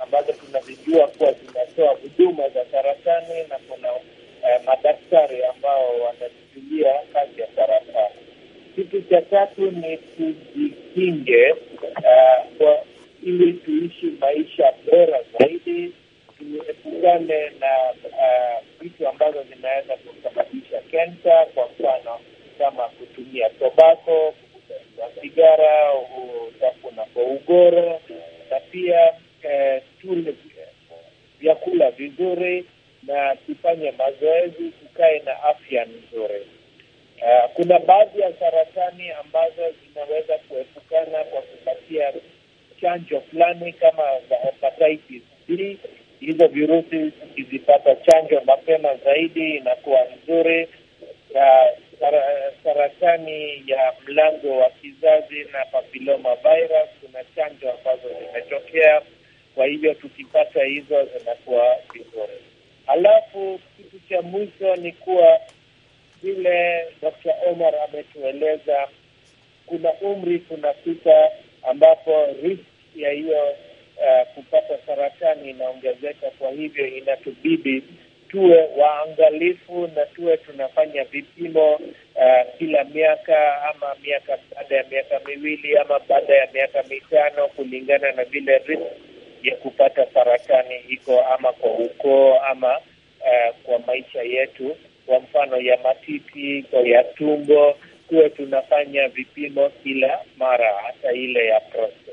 Speaker 4: ambazo tunazijua kuwa zinatoa huduma za saratani na kuna eh, madaktari ambao wanachukulia kazi ya saratani. Kitu cha tatu ni tujikinge uh, ili tuishi maisha bora zaidi, tuepukane na eh, vitu uh, ambazo zinaweza kusababisha kensa, kwa mfano kama kutumia tobako, kukuza sigara, utafuna kwa ugoro na pia eh, tule vyakula vizuri na tufanye mazoezi, tukae na afya nzuri. Uh, kuna baadhi ya saratani ambazo zinaweza kuepukana kwa kupatia chanjo fulani kama za hepatitis B. Hizo virusi zikizipata chanjo mapema zaidi inakuwa nzuri ndani ya mlango wa kizazi na papiloma virus, kuna chanjo ambazo zimetokea. Kwa hivyo tukipata hizo zinakuwa vizuri. Alafu kitu cha mwisho ni kuwa vile Dr. Omar ametueleza, kuna umri tunafika ambapo risk ya hiyo uh, kupata saratani inaongezeka. Kwa hivyo inatubidi tuwe waangalifu na tuwe tunafanya vipimo uh, kila miaka ama miaka baada ya miaka miwili ama baada ya miaka mitano, kulingana na vile risk ya kupata saratani iko ama kwa ukoo ama uh, kwa maisha yetu, kwa mfano ya matiti, kwa ya tumbo, kuwe tunafanya vipimo kila mara, hata ile ya prostate.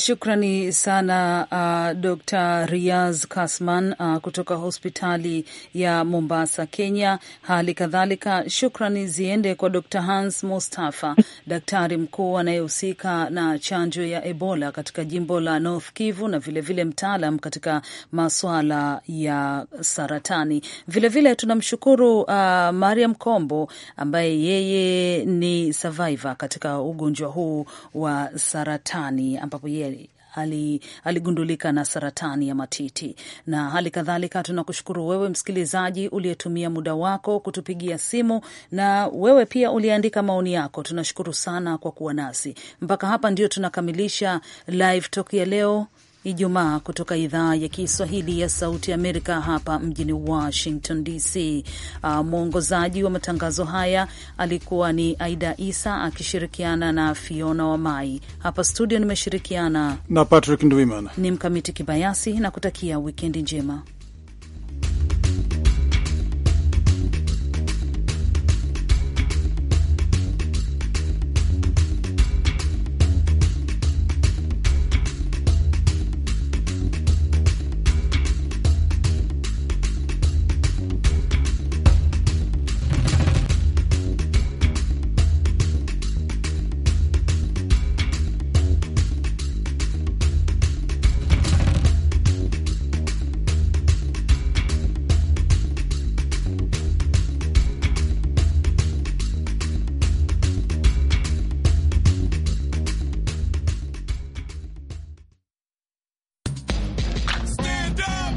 Speaker 1: Shukrani sana uh, Dr. Riaz Kasman uh, kutoka hospitali ya Mombasa, Kenya. Hali kadhalika shukrani ziende kwa Dr. Hans Mustafa, [LAUGHS] daktari mkuu anayehusika na chanjo ya Ebola katika jimbo la North Kivu na vilevile mtaalam katika maswala ya saratani. Vilevile tunamshukuru uh, Mariam Kombo ambaye yeye ni survivor katika ugonjwa huu wa saratani ambapo yeye ali aligundulika na saratani ya matiti na hali kadhalika. Tunakushukuru wewe msikilizaji uliyetumia muda wako kutupigia simu, na wewe pia uliandika maoni yako. Tunashukuru sana kwa kuwa nasi mpaka hapa. Ndio tunakamilisha live talk ya leo. Ijumaa kutoka idhaa ya Kiswahili ya Sauti Amerika hapa mjini Washington DC. Uh, ah, mwongozaji wa matangazo haya alikuwa ni Aida Isa akishirikiana na Fiona Wamai. Hapa studio nimeshirikiana
Speaker 2: na Patrick nduimana
Speaker 1: Ni Mkamiti Kibayasi na kutakia wikendi njema.